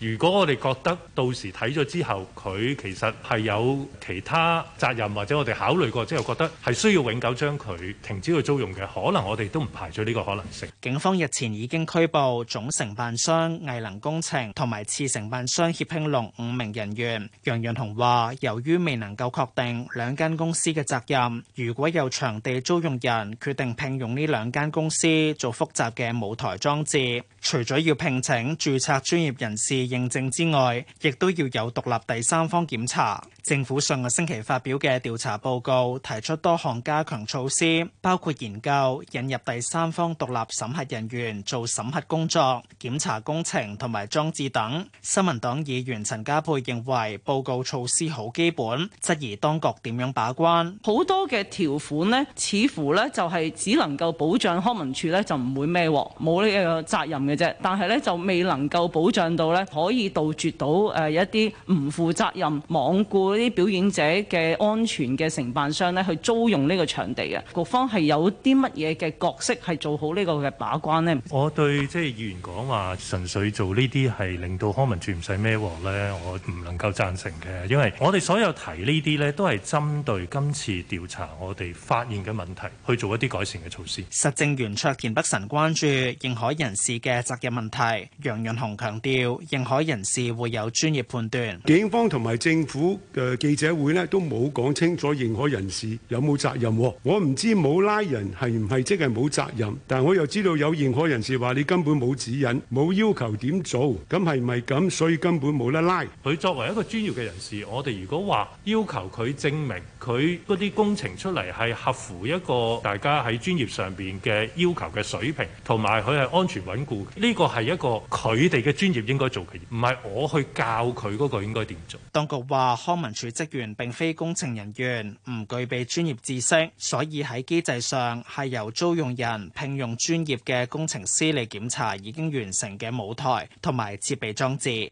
如果我哋覺得到時睇咗之後，佢其實，係有其他責任，或者我哋考慮過之後覺得係需要永久將佢停止去租用嘅，可能我哋都唔排除呢個可能性。警方日前已經拘捕總承辦商藝能工程同埋次承辦商協興隆五名人員。楊潤雄話由於未能夠確定兩間公司嘅責任，如果有場地租用人決定聘用呢兩間公司做複雜嘅舞台裝置，除咗要聘請註冊專業人士，認證之外，亦都要有獨立第三方檢查。政府上個星期發表嘅調查報告，提出多項加強措施，包括研究引入第三方獨立審核人員做審核工作、檢查工程同埋裝置等。新民黨議員陳家佩認為報告措施好基本，質疑當局點樣把關。好多嘅條款呢，似乎呢就係只能夠保障康文署呢，就唔會孭鑊，冇呢個責任嘅啫。但係呢，就未能夠保障到呢。可以杜絕到誒一啲唔負責任、罔顧啲表演者嘅安全嘅承辦商咧，去租用呢個場地嘅局方係有啲乜嘢嘅角色係做好呢個嘅把關咧？我對即係、就是、議員講話純粹做呢啲係令到康文署唔使孭鑊咧，我唔能夠贊成嘅，因為我哋所有提呢啲呢都係針對今次調查我哋發現嘅問題去做一啲改善嘅措施。實政圓桌田北辰關注認可人士嘅責任問題，楊潤雄強調認海人士會有專業判斷，警方同埋政府嘅記者會咧，都冇講清楚認可人士有冇責任。我唔知冇拉人係唔係即係冇責任，但我又知道有認可人士話你根本冇指引，冇要求點做，咁係咪咁？所以根本冇得拉。佢作為一個專業嘅人士，我哋如果話要求佢證明佢嗰啲工程出嚟係合乎一個大家喺專業上邊嘅要求嘅水平，同埋佢係安全穩固，呢個係一個佢哋嘅專業應該做嘅。唔係我去教佢嗰個應該點做。當局話康文署職員並非工程人員，唔具備專業知識，所以喺機制上係由租用人聘用專業嘅工程師嚟檢查已經完成嘅舞台同埋設備裝置。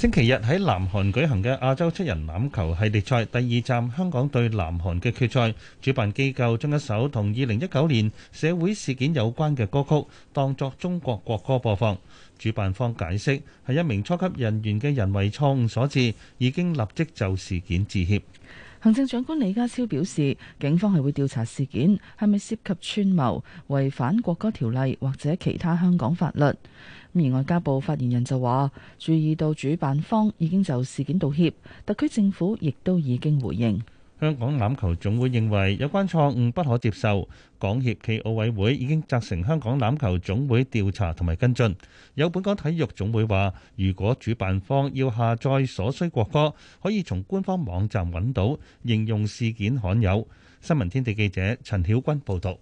星期日喺南韓舉行嘅亞洲七人欖球系列賽第二站香港對南韓嘅決賽，主辦機構將一首同二零一九年社會事件有關嘅歌曲當作中國國歌播放。主辦方解釋係一名初級人員嘅人為錯誤所致，已經立即就事件致歉。行政長官李家超表示，警方係會調查事件係咪涉及串謀、違反國歌條例或者其他香港法律。而外交部發言人就話，注意到主辦方已經就事件道歉，特區政府亦都已經回應。香港欖球總會認為有關錯誤不可接受，港協暨奧委會已經責成香港欖球總會調查同埋跟進。有本港體育總會話，如果主辦方要下載所需國歌，可以從官方網站揾到。形容事件罕有。新聞天地記者陳曉君報道。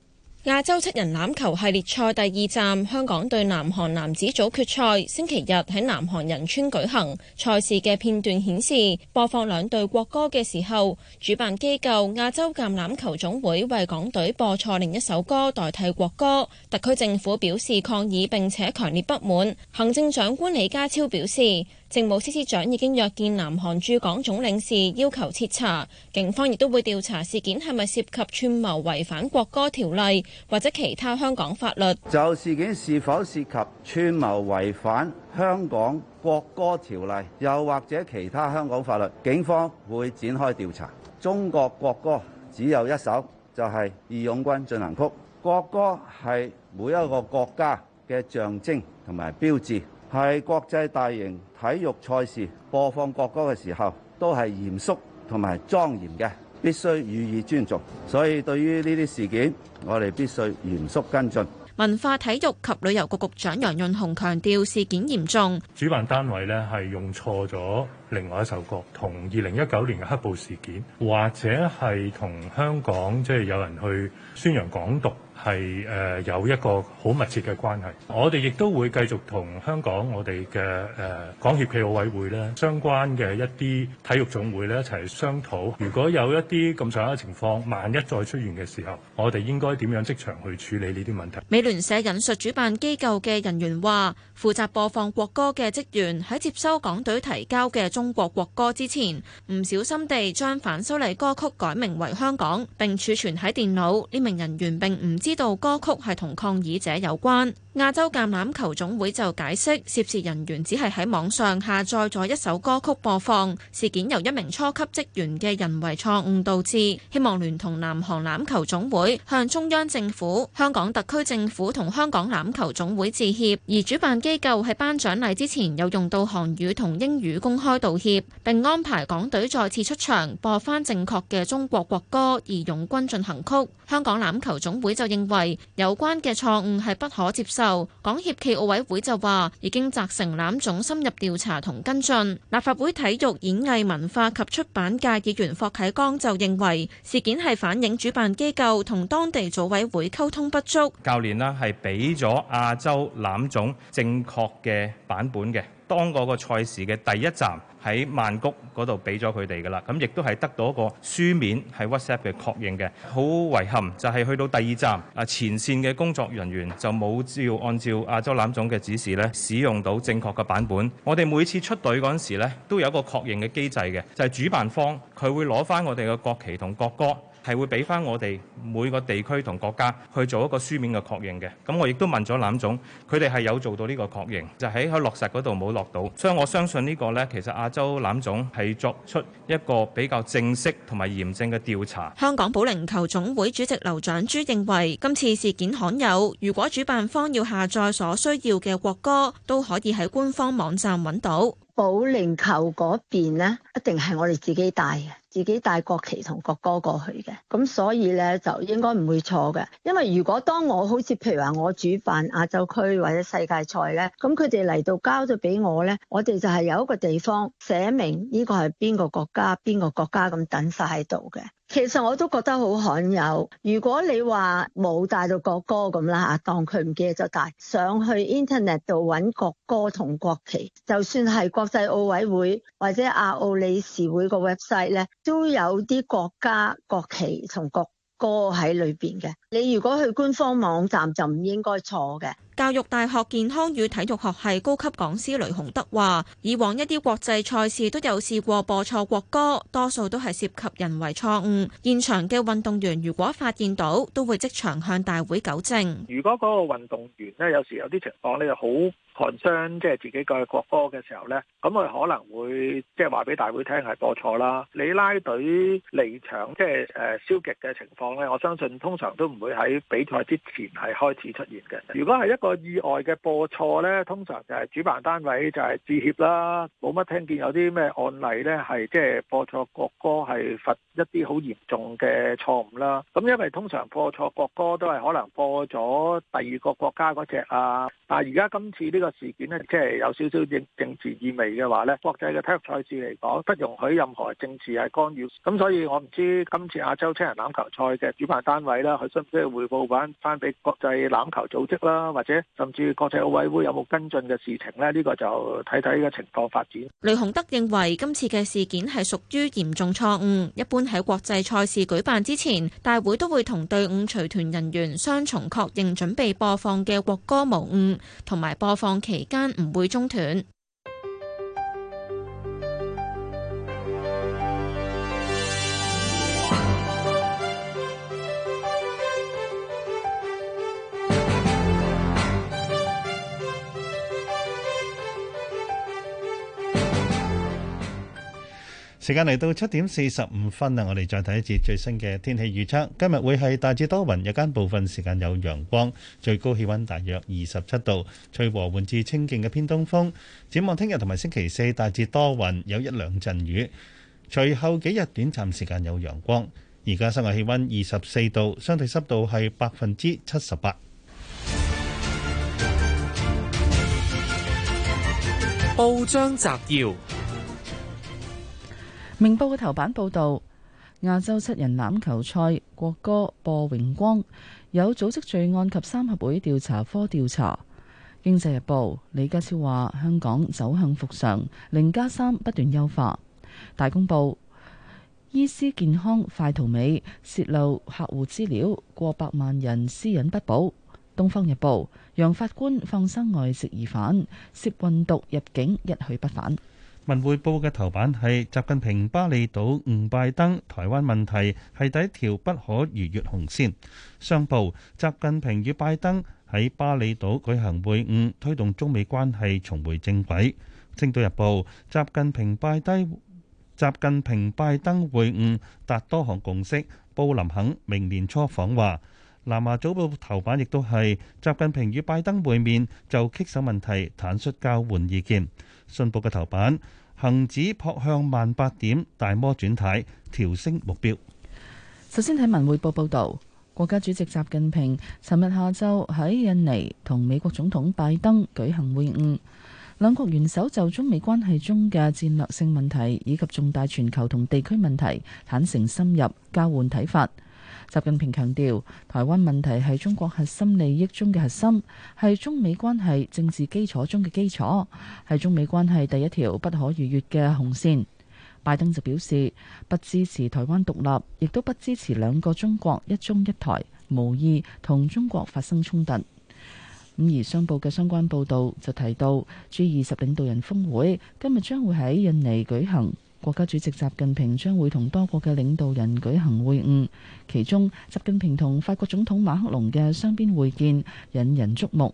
亞洲七人欖球系列賽第二站，香港對南韓男子組決賽星期日喺南韓仁川舉行。賽事嘅片段顯示，播放兩隊國歌嘅時候，主辦機構亞洲橄欖球總會為港隊播錯另一首歌代替國歌。特區政府表示抗議並且強烈不滿。行政長官李家超表示。政務司司長已經約見南韓駐港總領事，要求徹查。警方亦都會調查事件係咪涉及串謀違反國歌條例或者其他香港法律。就事件是否涉及串謀違反香港國歌條例，又或者其他香港法律，警方會展開調查。中國國歌只有一首，就係、是《義勇軍進行曲》。國歌係每一個國家嘅象徵同埋標誌。係國際大型體育賽事播放國歌嘅時候，都係嚴肅同埋莊嚴嘅，必須予以尊重。所以對於呢啲事件，我哋必須嚴肅跟進。文化體育及旅遊局局長楊潤雄強調，事件嚴重。主辦單位呢係用錯咗另外一首歌，同二零一九年嘅黑暴事件，或者係同香港即係、就是、有人去宣揚港獨。係誒有一個好密切嘅關係，我哋亦都會繼續同香港我哋嘅誒港協暨奧委會咧，相關嘅一啲體育總會咧一齊商討，如果有一啲咁上下嘅情況，萬一再出現嘅時候，我哋應該點樣即場去處理呢啲問題。美聯社引述主辦機構嘅人員話，負責播放國歌嘅職員喺接收港隊提交嘅中國國歌之前，唔小心地將反修例歌曲改名為香港，並儲存喺電腦。呢名人員並唔知。知道歌曲係同抗議者有關。亞洲橄欖球總會就解釋，涉事人員只係喺網上下載咗一首歌曲播放，事件由一名初級職員嘅人為錯誤導致。希望聯同南韓欖球總會向中央政府、香港特區政府同香港欖球總會致歉。而主辦機構喺頒獎禮之前又用到韓語同英語公開道歉，並安排港隊再次出場播翻正確嘅中國國歌《義勇軍進行曲》。香港欖球總會就認為有關嘅錯誤係不可接受。港協暨奧委會就話已經責成欖總深入調查同跟進。立法會體育、演藝、文化及出版界議員霍啟剛就認為事件係反映主辦機構同當地組委會溝通不足。教練啦，係俾咗亞洲欖總正確嘅版本嘅，當嗰個賽事嘅第一站。喺曼谷嗰度俾咗佢哋嘅啦，咁亦都係得到一個書面係 WhatsApp 嘅確認嘅。好遺憾就係去到第二站啊，前線嘅工作人員就冇照按照亞洲籃總嘅指示咧，使用到正確嘅版本。我哋每次出隊嗰陣時咧，都有一個確認嘅機制嘅，就係主辦方佢會攞翻我哋嘅國旗同國歌。係會俾翻我哋每個地區同國家去做一個書面嘅確認嘅。咁我亦都問咗欖總，佢哋係有做到呢個確認，就喺落實嗰度冇落到。所以我相信呢個呢，其實亞洲欖總係作出一個比較正式同埋嚴正嘅調查。香港保齡球總會主席劉長珠認為，今次事件罕有。如果主辦方要下載所需要嘅國歌，都可以喺官方網站揾到。保齡球嗰邊呢，一定係我哋自己帶嘅。自己帶國旗同國歌過去嘅，咁所以呢，就應該唔會錯嘅。因為如果當我好似譬如話我主辦亞洲區或者世界賽呢，咁佢哋嚟到交咗俾我呢，我哋就係有一個地方寫明呢個係邊個國家，邊個國家咁等晒喺度嘅。其實我都覺得好罕有。如果你話冇帶到國歌咁啦嚇，當佢唔記得咗帶，上去 internet 度揾國歌同國旗，就算係國際奧委會或者亞奧理事會個 website 呢。都有啲國家國旗同國歌喺裏邊嘅。你如果去官方網站就唔應該錯嘅。教育大學健康與體育學系高級講師雷洪德話，以往一啲國際賽事都有試過播錯國歌，多數都係涉及人為錯誤。現場嘅運動員如果發現到，都會即場向大會糾正。如果嗰個運動員咧，有時有啲情況咧，好寒傷即係自己嘅國歌嘅時候咧，咁佢可能會即係話俾大會聽係播錯啦。你拉隊離場即係誒消極嘅情況咧，我相信通常都唔。會喺比賽之前係開始出現嘅。如果係一個意外嘅播錯呢，通常就係主辦單位就係致歉啦，冇乜聽見有啲咩案例呢？係即係播錯國歌係罰一啲好嚴重嘅錯誤啦。咁因為通常播錯國歌都係可能播咗第二個國家嗰隻啊。但係而家今次呢個事件呢，即係有少少政政治意味嘅話呢，國際嘅體育賽事嚟講，不容許任何政治係干擾。咁所以我唔知今次亞洲青年欖球賽嘅主辦單位啦，佢想即係回報翻翻俾國際籃球組織啦，或者甚至國際奧委會有冇跟進嘅事情呢？呢、這個就睇睇個情況發展。雷洪德認為今次嘅事件係屬於嚴重錯誤。一般喺國際賽事舉辦之前，大會都會同隊伍隨團人員雙重確認準備播放嘅國歌無誤，同埋播放期間唔會中斷。時間嚟到七點四十五分啦，我哋再睇一節最新嘅天氣預測。今日會係大致多雲，日間部分時間有陽光，最高氣溫大約二十七度，吹和緩至清勁嘅偏東風。展望聽日同埋星期四大致多雲，有一兩陣雨，隨後幾日短暫時間有陽光。而家室外氣溫二十四度，相對濕度係百分之七十八。報章摘要。明報嘅頭版報道，亞洲七人欖球賽國歌播榮光，有組織罪案及三合會調查科調查。經濟日報，李家超話香港走向復常，零加三不斷優化。大公報，醫思健康快圖美泄露客戶資料，過百萬人私隱不保。東方日報，楊法官放生外籍疑犯，涉運毒入境一去不返。文匯報嘅頭版係習近平巴厘島晤拜登，台灣問題係第一條不可逾越紅線。商報：習近平與拜登喺巴厘島舉行會晤，推動中美關係重回正軌。星島日報：習近平拜低，習近平拜登會晤達多項共識。布林肯明年初訪華。南華早報頭版亦都係習近平與拜登會面，就棘手問題坦率交換意見。信報嘅頭版，恒指撲向萬八點，大摩轉軚調升目標。首先睇文匯報報道，國家主席習近平尋日下晝喺印尼同美國總統拜登舉行會晤，兩國元首就中美關係中嘅戰略性問題以及重大全球同地區問題坦誠深入交換睇法。習近平強調，台灣問題係中國核心利益中嘅核心，係中美關係政治基礎中嘅基礎，係中美關係第一條不可逾越嘅紅線。拜登就表示，不支持台灣獨立，亦都不支持兩個中國、一中一台，無意同中國發生衝突。咁而商報嘅相關報道就提到，G 二十領導人峰會今日將會喺印尼舉行。國家主席習近平將會同多國嘅領導人舉行會晤，其中習近平同法國總統馬克龍嘅雙邊會見引人矚目。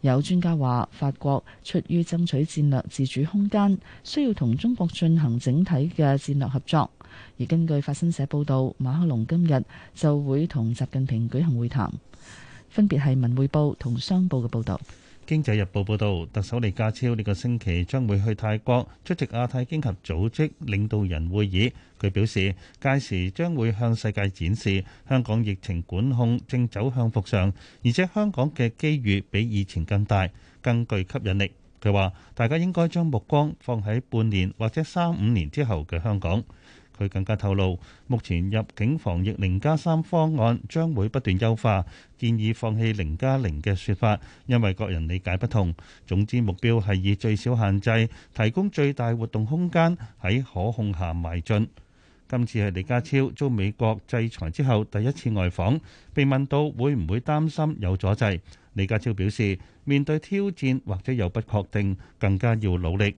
有專家話，法國出於爭取戰略自主空間，需要同中國進行整體嘅戰略合作。而根據法新社報道，馬克龍今日就會同習近平舉行會談。分別係文匯報同商報嘅報道。經濟日報報導，特首李家超呢個星期將會去泰國出席亞太經合組織領導人會議。佢表示屆時將會向世界展示香港疫情管控正走向復常，而且香港嘅機遇比以前更大、更具吸引力。佢話：大家應該將目光放喺半年或者三五年之後嘅香港。佢更加透露，目前入境防疫零加三方案將會不斷優化，建議放棄零加零嘅説法，因為各人理解不同。總之目標係以最少限制提供最大活動空間喺可控下邁進。今次係李家超遭美國制裁之後第一次外訪，被問到會唔會擔心有阻滯，李家超表示面對挑戰或者有不確定，更加要努力。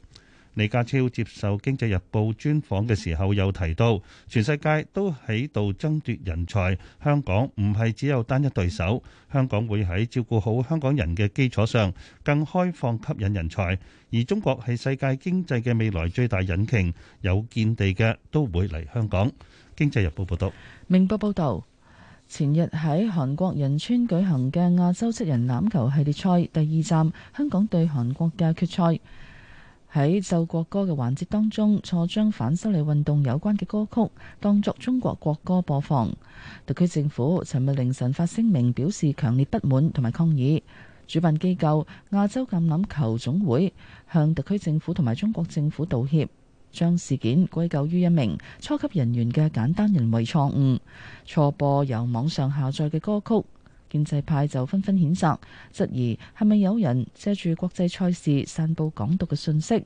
李家超接受《經濟日報》專訪嘅時候，有提到全世界都喺度爭奪人才，香港唔係只有單一對手，香港會喺照顧好香港人嘅基礎上，更開放吸引人才。而中國係世界經濟嘅未來最大引擎，有見地嘅都會嚟香港。《經濟日報》報道，《明報》報道，前日喺韓國仁川舉行嘅亞洲七人欖球系列賽第二站，香港對韓國嘅決賽。喺奏國歌嘅環節當中，錯將反修例運動有關嘅歌曲當作中國國歌播放。特區政府尋日凌晨發聲明，表示強烈不滿同埋抗議。主辦機構亞洲橄欖球總會向特區政府同埋中國政府道歉，將事件歸咎於一名初級人員嘅簡單人為錯誤。錯播由網上下載嘅歌曲。建制派就紛紛譴責，質疑係咪有人借住國際賽事散布港獨嘅信息？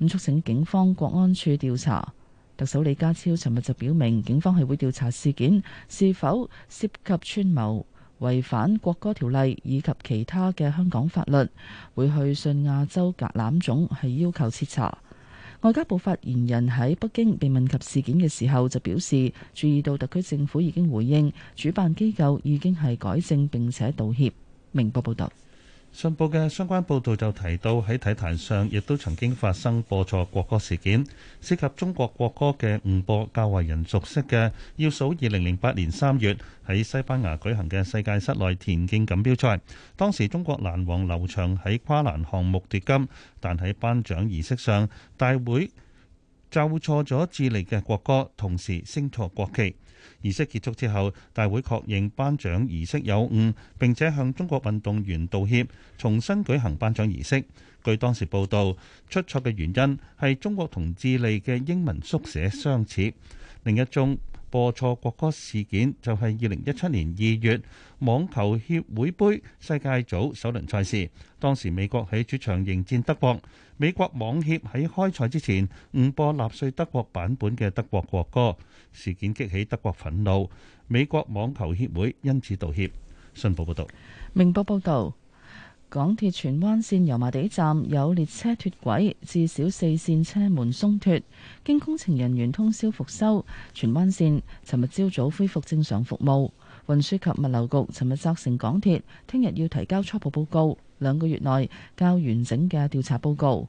咁促請警方國安處調查。特首李家超尋日就表明，警方係會調查事件是否涉及串謀違反國歌條例，以及其他嘅香港法律，會去信亞洲橄欖總係要求徹查。外交部發言人喺北京被問及事件嘅時候就表示，注意到特區政府已經回應，主辦機構已經係改正並且道歉。明報報道。信報嘅相關報導就提到，喺體壇上亦都曾經發生播錯國歌事件，涉及中國國歌嘅誤播，較為人熟悉嘅，要數2008年三月喺西班牙舉行嘅世界室內田徑錦標賽，當時中國欄王劉翔喺跨欄項目奪金，但喺頒獎儀式上，大會奏錯咗智利嘅國歌，同時升錯國旗。儀式結束之後，大會確認頒獎儀式有誤，並且向中國運動員道歉，重新舉行頒獎儀式。據當時報導，出錯嘅原因係中國同智利嘅英文縮寫相似。另一宗播錯國歌事件就係二零一七年二月網球協會杯世界組首輪賽事，當時美國喺主場迎戰德國，美國網協喺開賽之前誤播納粹德國版本嘅德國國歌，事件激起德國憤怒，美國網球協會因此道歉。信報報道，明報報道。港鐵荃灣線油麻地站有列車脱軌，至少四扇車門鬆脱，經工程人員通宵復修，荃灣線尋日朝早恢復正常服務。運輸及物流局尋日責成港鐵，聽日要提交初步報告，兩個月內交完整嘅調查報告。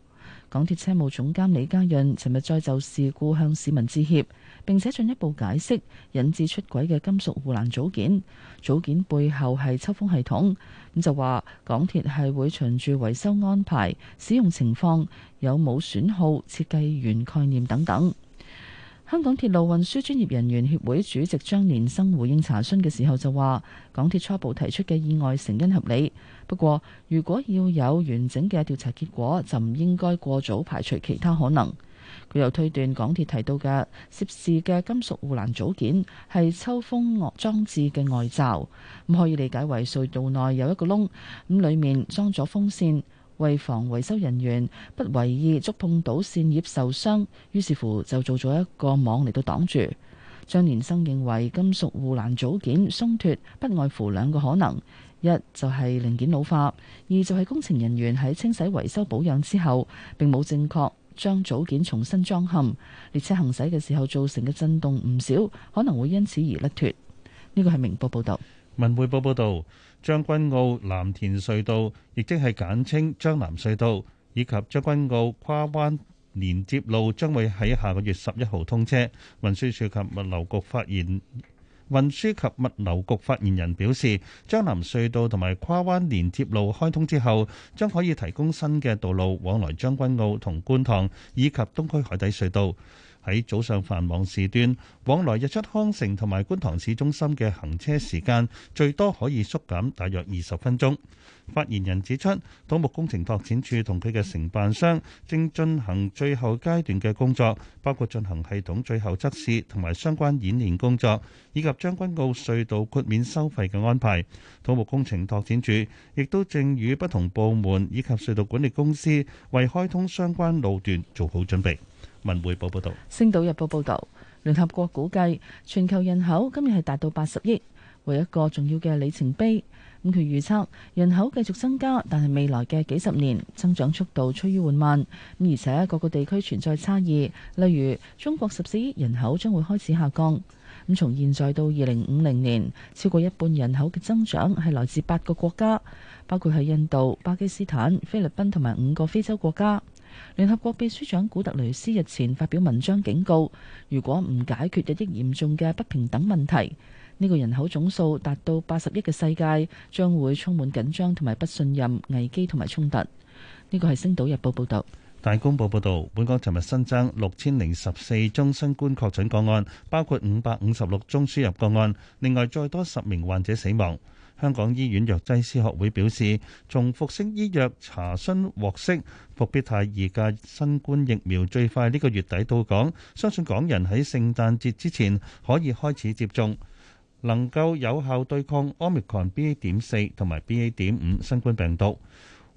港鐵車務總監李家潤尋日再就事故向市民致歉，並且進一步解釋引致出軌嘅金屬護欄組件，組件背後係抽風系統。咁就話港鐵係會循住維修安排、使用情況、有冇損耗、設計原概念等等。香港鐵路運輸專業人員協會主席張連生回應查詢嘅時候就話，港鐵初步提出嘅意外成因合理，不過如果要有完整嘅調查結果，就唔應該過早排除其他可能。佢又推斷港鐵提到嘅涉事嘅金屬護欄組件係抽風裝置嘅外罩，咁可以理解為隧道內有一個窿，咁裏面裝咗風扇。為防維修人員不為意觸碰到扇葉受傷，於是乎就做咗一個網嚟到擋住。張連生認為金屬護欄組件鬆脫不外乎兩個可能：一就係零件老化，二就係工程人員喺清洗維修保養之後，並冇正確將組件重新裝嵌。列車行駛嘅時候造成嘅震動唔少，可能會因此而甩脫，脫。呢、這個係明報報道，文匯報報道。將軍澳藍田隧道，亦即係簡稱將藍隧道，以及將軍澳跨灣連接路，將會喺下個月十一號通車。運輸署及物流局發言運輸及物流局發言人表示，將藍隧道同埋跨灣連接路開通之後，將可以提供新嘅道路往來將軍澳同觀塘以及東區海底隧道。喺早上繁忙時段，往來日出康城同埋觀塘市中心嘅行車時間最多可以縮減大約二十分鐘。發言人指出，土木工程拓展署，同佢嘅承辦商正進行最後階段嘅工作，包括進行系統最後測試同埋相關演練工作，以及將軍澳隧道豁免收費嘅安排。土木工程拓展署亦都正與不同部門以及隧道管理公司為開通相關路段做好準備。文匯報報道，《星島日報》報道，聯合國估計全球人口今日係達到八十億，為一個重要嘅里程碑。咁佢預測人口繼續增加，但係未來嘅幾十年增長速度趨於緩慢。咁而且各個地區存在差異，例如中國十四億人口將會開始下降。咁從現在到二零五零年，超過一半人口嘅增長係來自八個國家，包括喺印度、巴基斯坦、菲律賓同埋五個非洲國家。聯合國秘書長古特雷斯日前發表文章警告，如果唔解決日益嚴重嘅不平等問題，呢個人口總數達到八十億嘅世界將會充滿緊張同埋不信任、危機同埋衝突。呢個係《星島日報》報道。大公報報道，本港尋日新增六千零十四宗新冠確診個案，包括五百五十六宗輸入個案，另外再多十名患者死亡。香港醫院藥劑師學會表示，從復星醫藥查詢獲悉，復必泰二價新冠疫苗最快呢個月底到港，相信港人喺聖誕節之前可以開始接種，能夠有效對抗 Omicron BA 點四同埋 BA 點五新冠病毒。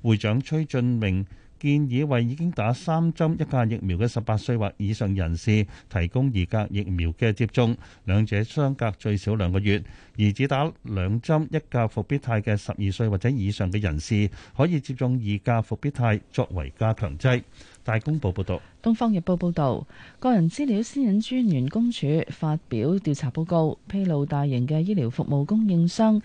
會長崔俊明建議為已經打三針一價疫苗嘅十八歲或以上人士提供二價疫苗嘅接種，兩者相隔最少兩個月。而只打兩針一價復必泰嘅十二歲或者以上嘅人士，可以接種二價復必泰作為加強劑。《大公報》報道。《東方日報》報道，個人資料私隱專員公署發表調查報告，披露大型嘅醫療服務供應商。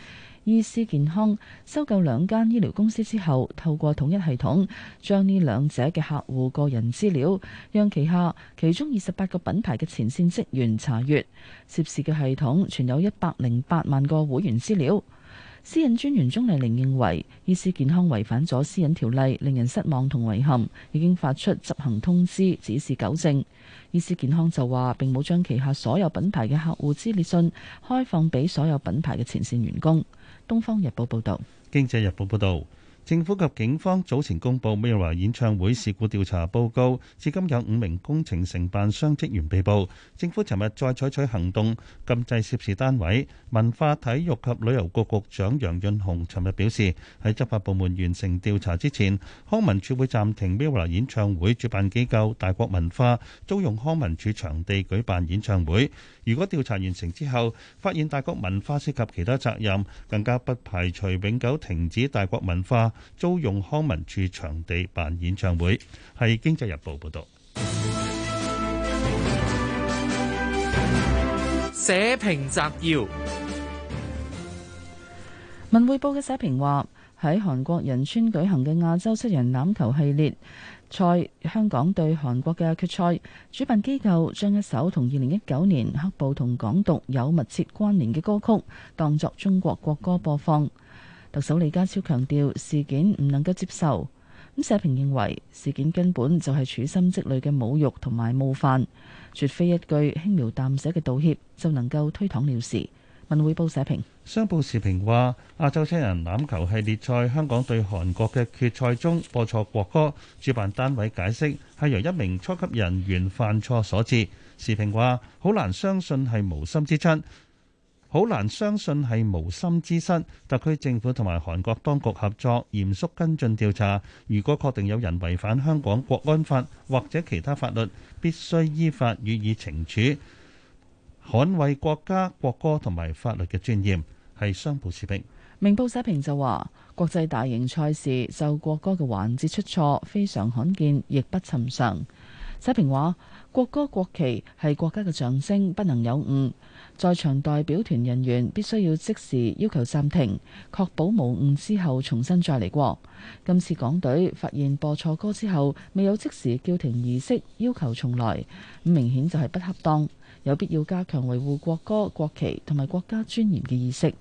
醫思健康收購兩間醫療公司之後，透過統一系統將呢兩者嘅客戶個人資料，讓旗下其中二十八個品牌嘅前線職員查閱。涉事嘅系統存有一百零八萬個會員資料。私隱專員鍾麗玲認為，醫思健康違反咗私隱條例，令人失望同遺憾，已經發出執行通知，指示糾正。醫思健康就話，並冇將旗下所有品牌嘅客戶資料信開放俾所有品牌嘅前線員工。東方日報報道，經濟日報報道。政府及警方早前公布 MIRROR 演唱會事故調查報告，至今有五名工程承辦商職員被捕。政府尋日再採取行動，禁制涉事單位。文化體育及旅遊局局長楊潤雄尋日表示，喺執法部門完成調查之前，康文署會暫停 MIRROR 演唱會主辦機構大國文化租用康文署場地舉辦演唱會。如果調查完成之後，發現大國文化涉及其他責任，更加不排除永久停止大國文化租用康文署場地辦演唱會，係《經濟日報》報道。社評摘要：文匯報嘅社評話，喺韓國仁川舉行嘅亞洲七人欖球系列賽，香港對韓國嘅決賽，主辦機構將一首同二零一九年黑暴同港獨有密切關聯嘅歌曲當作中國國歌播放。特首李家超強調事件唔能夠接受。咁社評認為事件根本就係處心積慮嘅侮辱同埋冒犯，絕非一句輕描淡寫嘅道歉就能夠推搪了事。文匯報社評，商報時評話亞洲七人欖球系列賽香港對韓國嘅決賽中播錯國歌，主辦單位解釋係由一名初級人員犯，犯錯所致。時評話好難相信係無心之失。好難相信係無心之失，特區政府同埋韓國當局合作嚴肅跟進調查。如果確定有人違反香港國安法或者其他法律，必須依法予以懲處，捍衛國家國歌同埋法律嘅尊嚴，係雙倍辭別。明報社評就話：國際大型賽事奏國歌嘅環節出錯，非常罕見，亦不尋常。社評話：國歌國旗係國家嘅象徵，不能有誤。在場代表團人員必須要即時要求暫停，確保無誤之後重新再嚟過。今次港隊發現播錯歌之後，未有即時叫停儀式，要求重來，咁明顯就係不恰當，有必要加強維護國歌國旗同埋國家尊嚴嘅意識。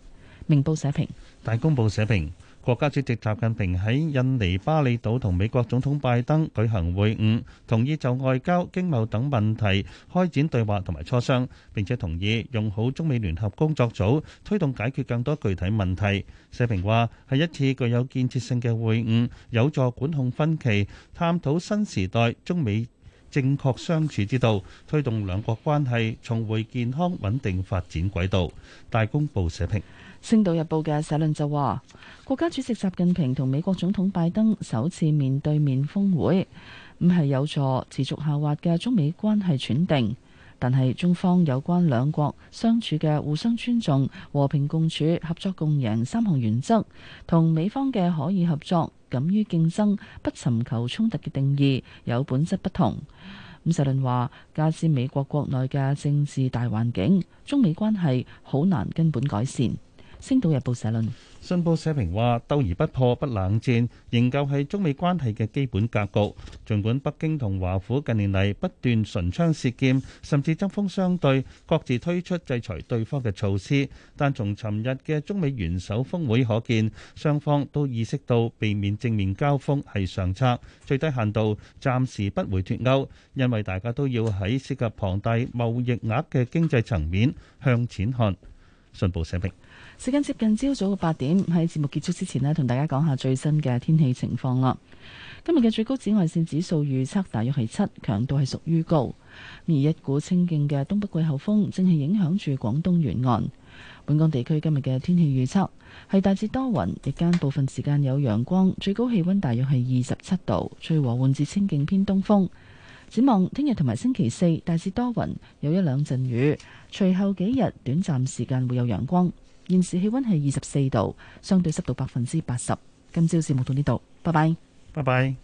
明報社評、大公報社評。國家主席習近平喺印尼巴厘島同美國總統拜登舉行會晤，同意就外交、經貿等問題，開展對話同埋磋商，並且同意用好中美聯合工作組推動解決更多具體問題。社評話，係一次具有建設性嘅會晤，有助管控分歧，探討新時代中美正確相處之道，推動兩國關係，重回健康穩定發展軌道。大公報社評。《星島日報》嘅社論就話，國家主席習近平同美國總統拜登首次面對面峰會，唔係有助持續下滑嘅中美關係喘定，但係中方有關兩國相處嘅互相尊重、和平共處、合作共贏三項原則，同美方嘅可以合作、敢於競爭、不尋求衝突嘅定義有本質不同。咁社論話，加之美國國內嘅政治大環境，中美關係好難根本改善。《星島日報》社論：，信報社評話，鬥而不破，不冷戰，仍舊係中美關係嘅基本格局。盡管北京同華府近年嚟不斷唇槍舌劍，甚至針鋒相對，各自推出制裁對方嘅措施，但從尋日嘅中美元首峰會可見，雙方都意識到避免正面交鋒係上策。最低限度，暫時不會脱歐，因為大家都要喺涉及龐大貿易額嘅經濟層面向前看。信報社評。時間接近朝早嘅八點，喺節目結束之前呢，同大家講下最新嘅天氣情況啦。今日嘅最高紫外線指數預測大約係七，強度係屬於高。而一股清勁嘅東北季候風正係影響住廣東沿岸。本港地區今日嘅天氣預測係大致多雲，日間部分時間有陽光，最高氣溫大約係二十七度，吹和緩至清勁偏東風。展望聽日同埋星期四大致多雲，有一兩陣雨，隨後幾日短暫時間會有陽光。現時氣溫係二十四度，相對濕度百分之八十。今朝節目到呢度，拜拜。拜拜。